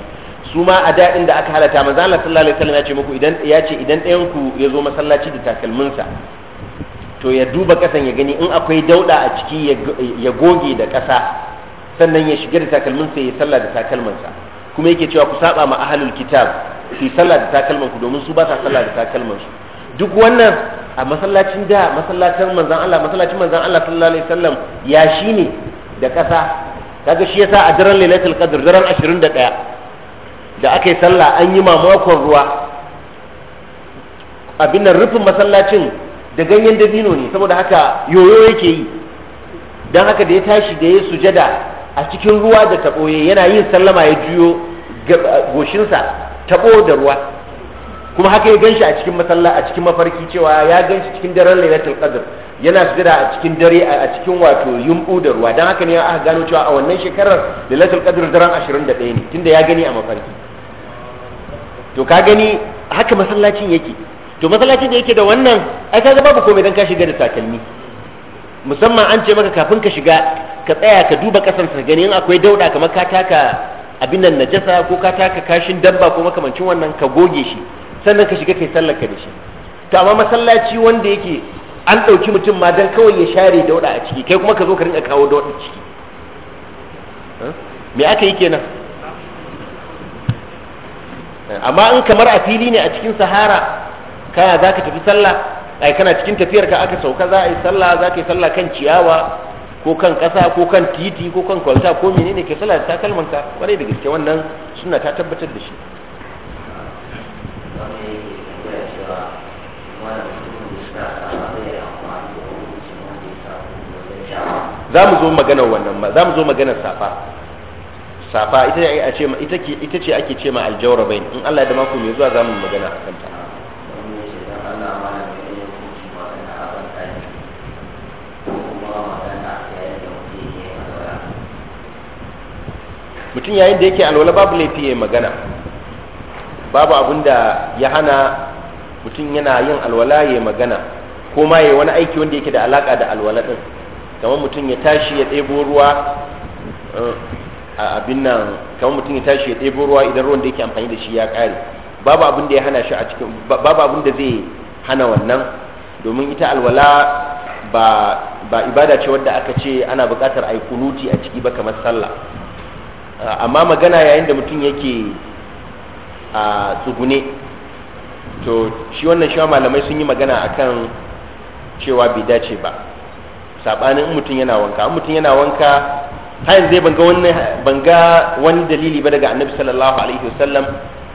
su ma a da aka halata manzo Allah sallallahu alaihi wasallam ya ce muku idan ya ce idan ɗayan ku ya zo masallaci da takalminsa to ya duba kasan ya gani in akwai dauda a ciki ya goge da ƙasa sannan ya shiga da takalminsa ya sallah da takalmansa kuma yake cewa ku saba ma ahlul kitab su sallah da takalman ku domin su ba sa sallah da takalman su duk wannan a masallacin da masallacin manzon Allah masallacin manzon Allah sallallahu alaihi wasallam ya shine da ƙasa kaga shi yasa a daren lailatul qadr daren 21 da aka yi sallah an yi mamakon ruwa abin nan rufin masallacin da ganyen dabino ne saboda haka yoyo yake yi dan haka da ya tashi da ya sujada a cikin ruwa da taɓo yana yin sallama ya juyo goshinsa taɓo da ruwa kuma haka ya ganshi a cikin masalla a cikin mafarki cewa ya ganshi cikin daren lailatul qadr yana sujada a cikin dare a cikin wato yumbu da ruwa dan haka ne aka gano cewa a wannan shekarar lailatul qadr daren 21 ne tunda ya gani a mafarki to ka gani haka masallacin yake to masallacin da yake da wannan ai ga babu komai dan ka shiga da takalmi musamman an ce maka kafin ka shiga ka tsaya ka duba kasan ka gani in akwai dauda kamar ka taka abin nan najasa ko ka taka kashin dabba ko makamancin wannan ka goge shi sannan ka shiga kai sallar ka da shi to amma masallaci wanda yake an ɗauki mutum ma dan kawai ya share dauda a ciki kai kuma ka zo ka rinka kawo dauda ciki me aka yi kenan amma in kamar a fili ne a cikin sahara kaya za ka tafi sallah ai kana cikin tafiyar ka aka sauka za a yi sallah za ka yi sallah kan ciyawa ko kan ƙasa ko kan titi ko kan kwalta ko menene ke sallah ta takalman ka kwarai da gaske wannan suna ta tabbatar da shi za mu zo maganar wannan ma za mu zo maganar safa safa ita ce a ce ita ce ita ce ake ce ma aljawrabain in Allah ya da mako mai zuwa za mu magana akan ta mutum yayin da yake alwala babu laifi ya magana babu abin da ya hana mutum yana yin alwala ya magana ko ma ya wani aiki wanda yake da alaka da alwala din kamar mutum ya tashi ya ɗebo ruwa eh, a abin nan kamar mutum ya tashi ya ɗebo ruwa idan ruwan da yake amfani da shi ya ƙare babu abin da ya hana shi a cikin babu abin da zai hana wannan domin ita alwala ba ba ibada ce wadda aka ce ana buƙatar ai kunuti a ciki ba kamar sallah amma magana yayin da mutum yake a tsugune to shi wannan shi malamai sun yi magana akan cewa bai dace ba sabanin mutum yana wanka mutum yana wanka har yanzu ban ga wani ban ga wani dalili ba daga annabi sallallahu alaihi wasallam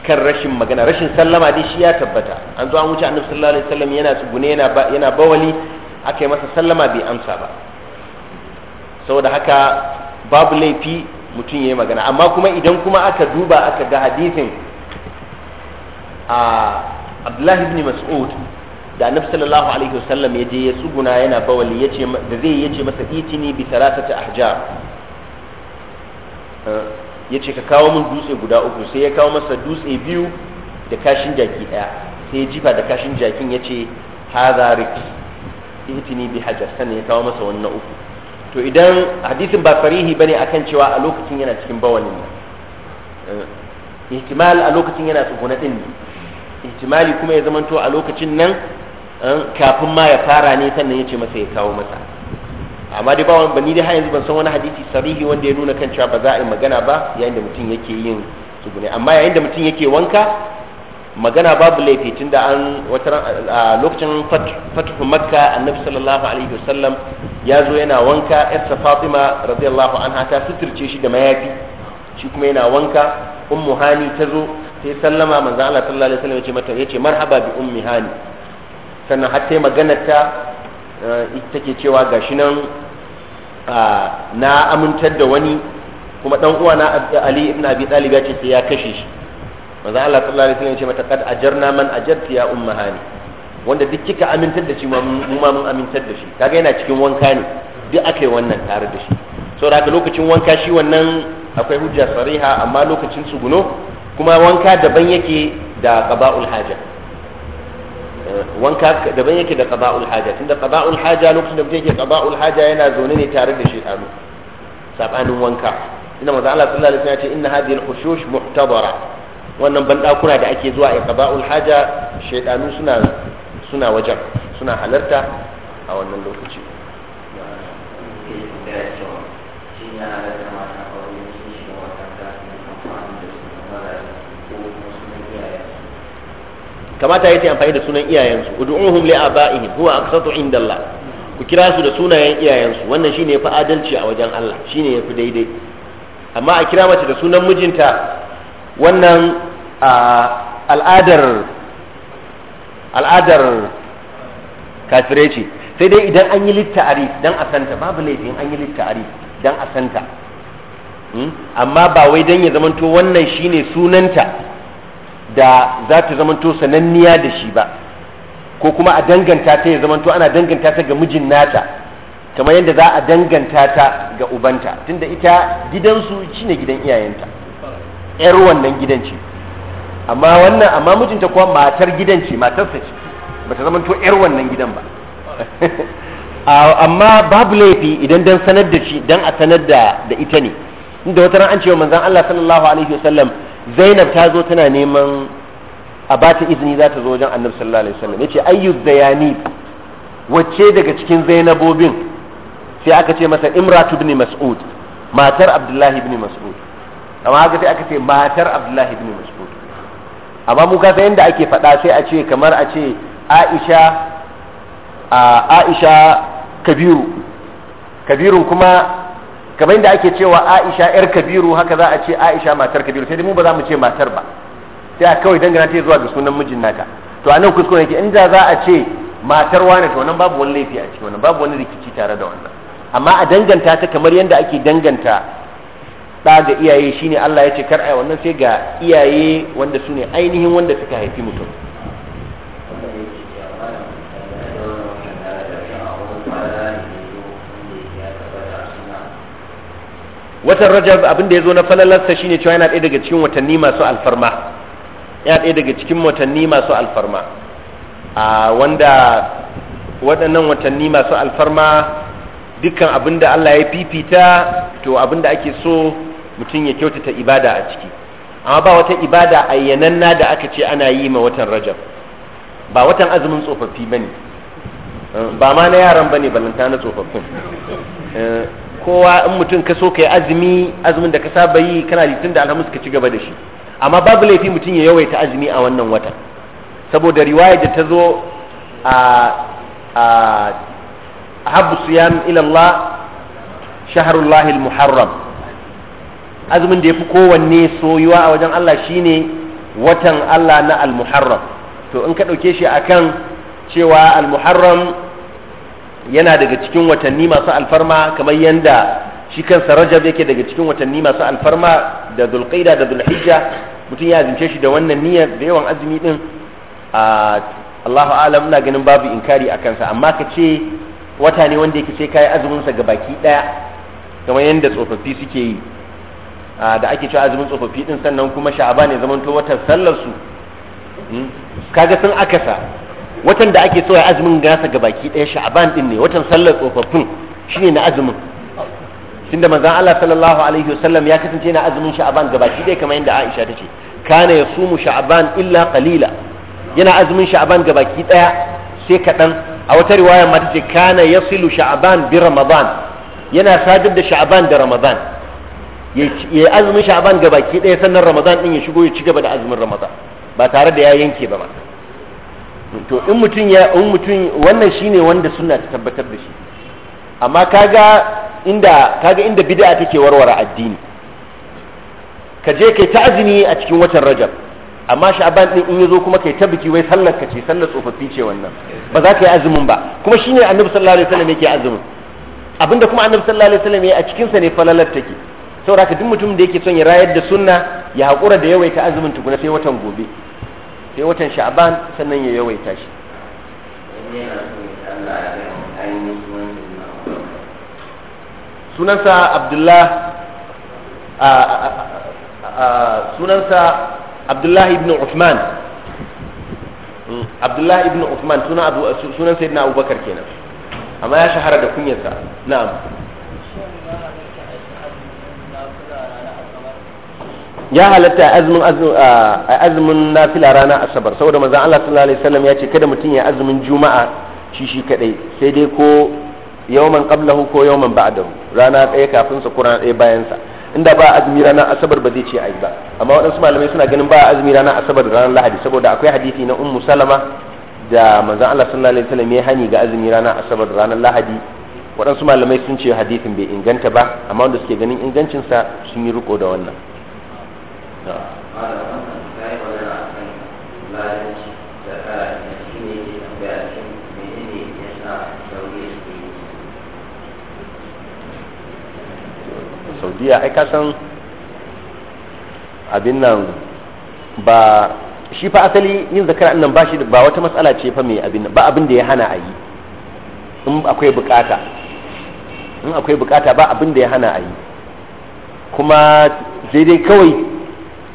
kan rashin magana rashin sallama dai shi ya tabbata an zo an wuce annabi sallallahu alaihi wasallam yana tsugune yana yana bawali aka yi masa sallama bai amsa ba saboda haka babu laifi mutum ya yi magana amma kuma idan kuma aka duba aka ga hadisin a abdullahi ibn mas'ud da annabi sallallahu alaihi wasallam ya je ya tsuguna yana bawali yace da zai yace masa itini bi salatati ahjar eh, yace ka kawo min dutse guda uku sai ya kawo masa dutse biyu da kashin jaki daya sai ya jifa da kashin jakin yace hadha itini bi hajar sannan ya kawo masa wani na uku to idan hadisin ba sarihi bane akan cewa a lokacin yana cikin bawalin nan eh, ihtimal a lokacin yana tsuguna din ne ihtimali kuma ya zamanto a lokacin nan eh, kafin ma ya fara ne sannan ya ce masa ya kawo masa amma dai ba wani dai har yanzu ban san wani hadisi sarihi wanda ya nuna kan cewa ba za a yi magana ba yayin da mutum yake yin tsugune amma yayin da mutum yake wanka magana babu laifi tun da an a lokacin fatuhu makka annabi sallallahu alaihi wasallam ya zo yana wanka yarsa fatima radiyallahu anha ta suturce shi da mayafi shi kuma yana wanka ummu hani ta zo sai sallama manzo Allah sallallahu alaihi wasallam ya ce mata yace marhaba bi ummi hani sannan har sai magana ta eh, take cewa gashi nan na amintar da wani kuma dan uwa na Ali ibn Abi Talib ya ce sai ya kashe shi manzon Allah sallallahu alaihi wasallam ya ce mata kad ajarna man ajarti ya ummahani wanda duk kika amintar da shi mu ma mun amintar da shi kaga yana cikin wanka ne duk aka yi wannan tare da shi saboda haka lokacin wanka shi wannan akwai hujja sariha amma lokacin tsuguno kuma wanka daban yake da qada'ul haja eh, wanka daban yake da qada'ul haja tunda qada'ul haja lokacin da mutum yake qada'ul haja yana zaune ne tare da shi shaytanu sabanin wanka inda manzo Allah sallallahu alaihi wasallam ya ce inna hadhihi al-hushush muhtadara wannan bandakuna da ake zuwa ya qada'ul haja shaydanu suna suna wajen suna halarta a wannan lokaci kamata ya ce amfani da sunan iyayensu ud'uhum li aba'ihim huwa aqsatu indallah ku kira su da sunayen iyayensu wannan shine fa adalci a wajen Allah shine yafi daidai amma a kira mace da sunan mijinta wannan al'adar al'adar kafirai ce sai dai idan an yi litta'ari dan a santa babu laifin an yi litta'ari dan a santa hmm? amma ba wai dan ya zamanto wannan shine sunanta da za ta zamanto sananniya da shi ba ko kuma a danganta ta ya zamanto ana danganta ta ga mijin nata kamar yadda za a danganta ta ga ubanta tunda ita gidansu shine gidan iyayenta 'yar wannan gidan ce amma wannan amma mijinta kuwa matar gidan ce matarsa ce ba zama zamanto yar wannan gidan ba amma babu laifi idan dan sanar da shi dan a sanar da da ita ne inda wata ran an cewa manzon Allah sallallahu alaihi wasallam Zainab ta zo tana neman a ba ta izini za ta zo wajen Annabi sallallahu alaihi wasallam yace ayyu zayani wacce daga cikin Zainabobin sai aka ce masa Imratu ibn Mas'ud matar Abdullahi ibn Mas'ud amma haka sai aka ce matar Abdullahi ibn Mas'ud amma mu kasa yadda ake faɗa sai a ce kamar a ce aisha aisha kabiru Kabiru kuma kamar yadda ake cewa aisha yar kabiru haka za a ce aisha matar kabiru sai dai mu ba za mu ce matar ba sai a kawai dangana ta zuwa ga sunan mijin naka to a nan kuskure yake inda za a ce matar wane to wannan babu wani laifi a ciki wannan babu wani rikici tare da wannan amma a danganta ta kamar yadda ake danganta ɗa ga iyaye shine Allah ya ce kar ai wannan sai ga iyaye wanda su ne ainihin wanda suka haifi mutum watan rajab abin da ya zo na falalarsa shine cewa yana ɗaya daga cikin watanni masu alfarma yana ɗaya daga cikin watanni masu alfarma a wanda waɗannan watanni masu alfarma dukkan abin da Allah ya fifita to abin da ake so mutum ya kyautata ibada a ciki amma ba wata ibada ayyananna da aka ce ana yi ma watan rajab ba watan azumin tsofaffi bane eh, ba ma na yaran bane balanta na tsofaffin eh, kowa in mutum ka so ka yi azumi azumin da ka saba yi kana litin da alhamis ka ci gaba da shi amma babu laifi mutum ya yawaita azumi a wannan watan saboda riwaya da ta zo a a habu siyam ila Allah al muharram azumin da ya fi kowanne soyuwa a wajen Allah shine watan Allah na al-muharram to in ka ɗauke shi akan cewa al-muharram yana daga cikin watanni masu alfarma kamar yanda shi kansa rajab yake daga cikin watanni masu alfarma da zulqaida da dulhijja mutum ya azince shi da wannan niyyar da yawan azumi din a Allahu alam ina ganin babu inkari a kansa amma ka ce wata ne wanda yake sai kai azumin sa baki daya kamar yadda tsofaffi suke yi da ake cewa azumin tsofaffi din sannan kuma sha'aba ne zaman to watan sallar su hmm? kaga sun akasa watan da ake so tsora azumin gasa ga baki ɗaya sha'aban din ne watan sallar tsofaffin shine na azumin tunda manzon Allah sallallahu alaihi wasallam ya kasance na azumin sha'aban ga baki ɗaya kamar yadda Aisha ta ce kana yasumu sha'aban illa qalila yana azumin sha'aban ga baki ɗaya sai kaɗan a wata riwaya ma tace kana yasilu sha'aban bi ramadan yana sadar da sha'aban da ramadan ya azumin sha'aban ga baki ɗaya sannan ramadan din ya shigo ya ci gaba da azumin ramadan ba tare da ya yanke ba to in mutum ya in mutum wannan shine wanda sunna ta tabbatar da shi amma kaga inda kaga inda bid'a take warware addini ka je kai ta azumi a cikin watan rajab amma sha'aban din in yazo kuma kai ta biki wai sallar ka ce sallar tsofaffi ce wannan ba za ka yi azumin ba kuma shine annabi sallallahu alaihi wasallam yake azumin abinda kuma annabi sallallahu alaihi wasallam ya a cikin sa ne falalar take saboda haka duk mutum da yake son ya rayar da sunna ya hakura da yawaita azumin tukuna sai watan gobe sai watan sha'ban sannan ya yawaita shi sunansa abdullah sunansa abdullahi ibn Uthman hmm, abdullahi ibn Uthman sunan sayyidina abubakar kenan amma ya shahara da kunyarsa na'am ya halatta azumin azumin nafila rana asabar saboda manzo Allah sallallahu alaihi wasallam ya ce kada mutum ya azumin juma'a shi shi kadai sai dai ko yawman qablahu ko yawman ba'dahu rana ɗaya kafin sa ko ɗaya bayan sa inda ba azumi rana asabar ba zai ce ai ba amma waɗansu malamai suna ganin ba azumi rana asabar da ranar lahadi saboda akwai hadisi na ummu salama da manzo Allah sallallahu alaihi wasallam ya hani ga azumi rana asabar da ranar lahadi waɗansu malamai sun ce hadisin bai inganta ba amma wanda suke ganin ingancinsa sun yi riko da wannan saudiya ai kasan abin nan ba shi fa asali yin zakara nan ba shi ba wata matsala ce fa mai abin ba abin da ya hana a yi in akwai bukata in akwai bukata ba abin da ya hana a yi kuma daidai kawai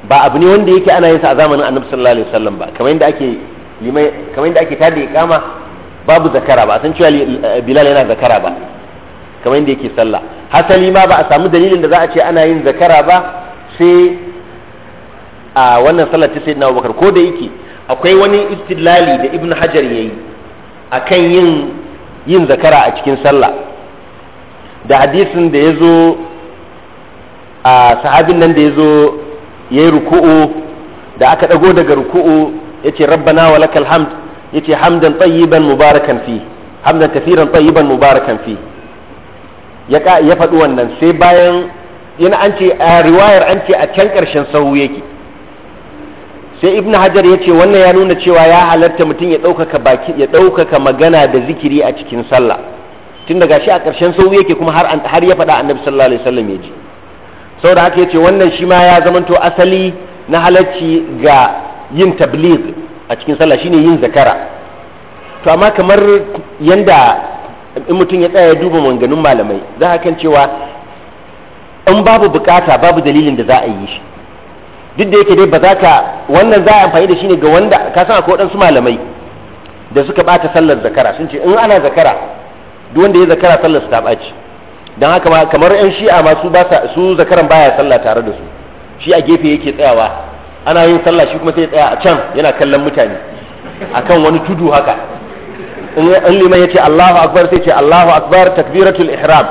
ba abu ne wanda yake ana yin sa a zamanin annabi sallallahu alaihi wasallam ba kamar yadda ake limai kamar yadda ake tada iqama babu zakara ba san cewa bilal yana zakara ba kamar yadda yake sallah hasali ma ba a samu dalilin da za a ce ana yin zakara ba sai a wannan sallar ta sayyidina Abubakar ko da yake akwai wani istidlali da ibn hajar yayi akan yin yin zakara a cikin sallah da hadisin da ya zo a sahabin nan da ya zo yi ruku'u da aka ɗago daga ruku'u yace rabbana lakal hamd yace hamdan tsayiban mubarakan fi hamdan kathiran tsayiban mubarakan fi ya ya faɗi wannan sai bayan yana an ce a riwayar an ce a can ƙarshen sahu yake sai ibn hajar ya ce wannan ya nuna cewa ya halarta mutum ya ɗaukaka baki ya ɗaukaka magana da zikiri a cikin sallah tun daga shi a ƙarshen sahu yake kuma har ya faɗa annabi sallallahu alaihi wasallam ya ji da haka ya ce wannan shi ma ya zamanto asali na halarci ga yin tabliz a cikin sallah shine yin zakara to amma kamar yadda in mutum ya tsaya ya duba manganun malamai za a kan cewa in babu bukata babu dalilin da za a yi shi duk da yake dai ba za ka wannan za a amfani da shi ne ga wanda ka san akwai waɗansu malamai da suka bata sallar zakara sun ce in ana zakara duk wanda ya zakara sallar su ta ɓaci don haka ma kamar yan shi'a ma su su zakaran baya sallah tare da su shi a gefe yake tsayawa ana yin sallah shi kuma sai ya tsaya a can yana kallon mutane akan wani tudu haka in liman ya ce Allahu akbar sai ce Allahu akbar takbiratul ihram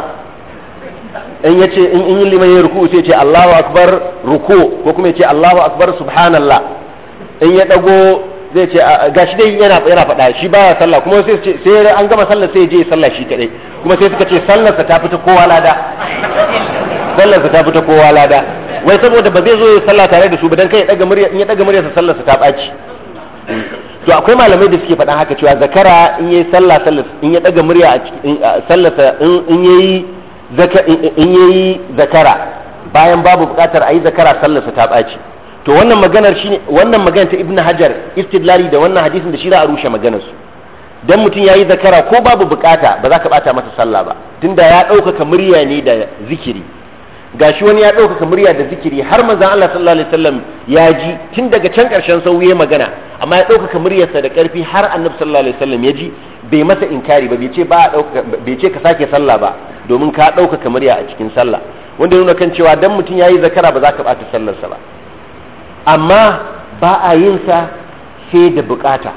in ya in yi liman ya ruku sai ce Allahu akbar ruku ko kuma ya ce Allahu akbar subhanallah in ya dago zai ce ga shi dai yana yana faɗa shi baya sallah kuma sai ce sai an gama sallah sai je sallah shi kadai kuma sai suka ce sallarsa ta fita kowa lada sallarsa ta fita kowa lada wai saboda ba zai zo ya sallah tare da su ba dan kai ya daga murya in ya daga muryarsa sallarsa ta baci to akwai malamai da suke faɗan haka cewa zakara in yayi sallah sallah in ya daga murya a sallarsa in yayi in yayi zakara bayan babu bukatar ayi zakara sallarsa ta baci. to wannan maganar shi wannan maganar ta ibnu hajar istidlali da wannan hadisin da shi za a rushe maganar su dan mutum yayi zakara ko babu bukata ba za ka bata masa sallah ba tunda ya ɗaukaka murya ne da zikiri gashi wani ya ɗaukaka murya da zikiri har manzon Allah sallallahu alaihi wasallam ya ji tun daga can karshen sauye magana amma ya ɗaukaka muryarsa da karfi har annabi sallallahu alaihi wasallam ya ji bai masa inkari ba bai ce ba bai ce ka sake sallah ba domin ka ɗaukaka murya a cikin sallah wanda nuna kan cewa dan mutum yayi zakara ba za ka bata sallarsa ba amma ba a yin sa sai da bukata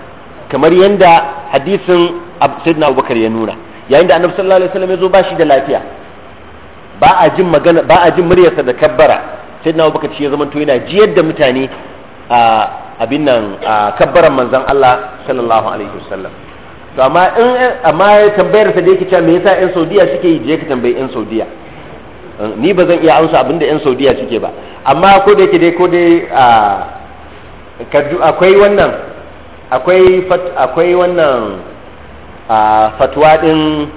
kamar yadda hadisin sayyidina abubakar ya nuna yayin da annabi sallallahu alaihi wasallam ya zo ba shi da lafiya ba a jin magana ba a jin muryarsa da kabbara sayyidina abubakar shi ya zama to yana jiyar da mutane a abin nan a kabbaran manzon Allah sallallahu alaihi wasallam to amma in amma tambayar sa da yake cewa me yasa yan Saudiya suke yi je ka tambayi yan Saudiya ni ba zan iya amsa abinda yan saudiya suke ba amma ko da yake dai ko dai akwai wannan akwai akwai wannan fatwa din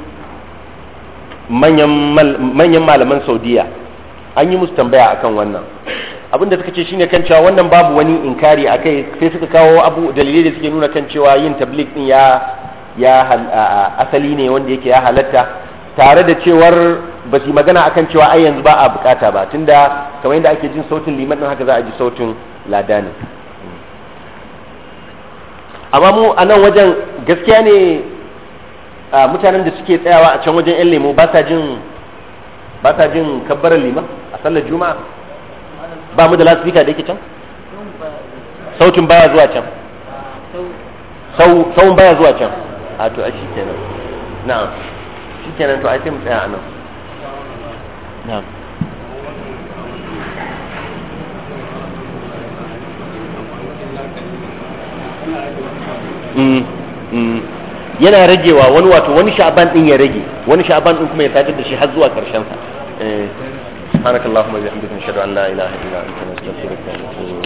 manyan malaman saudiya an yi musu tambaya akan wannan abinda suka ce shine kan cewa wannan babu wani inkari akai sai suka kawo abu dalilai da suke nuna kan cewa yin tabligh din ya ya asali ne wanda yake ya halatta tare da cewar ba su magana akan cewa ai yanzu ba a bukata ba tunda kamar yadda ake jin sautin liman din haka za a ji sautin lada ne amma mu a nan wajen gaskiya ne mutanen da suke tsayawa a can wajen 'yan lemo ba sa jin ba kabbarar liman a sallar juma'a ba mu da lasifika da yake can sautin baya zuwa can sau baya zuwa can a to a shi kenan na'am shi kenan to a ce mu tsaya a nan نعم yana ragewa wani wato wani sha'aban din ya rage wani sha'aban din kuma ya fatar da shi har zuwa karshen sa subhanakallahumma wa bihamdika ashhadu an la ilaha illa anta astaghfiruka wa atubu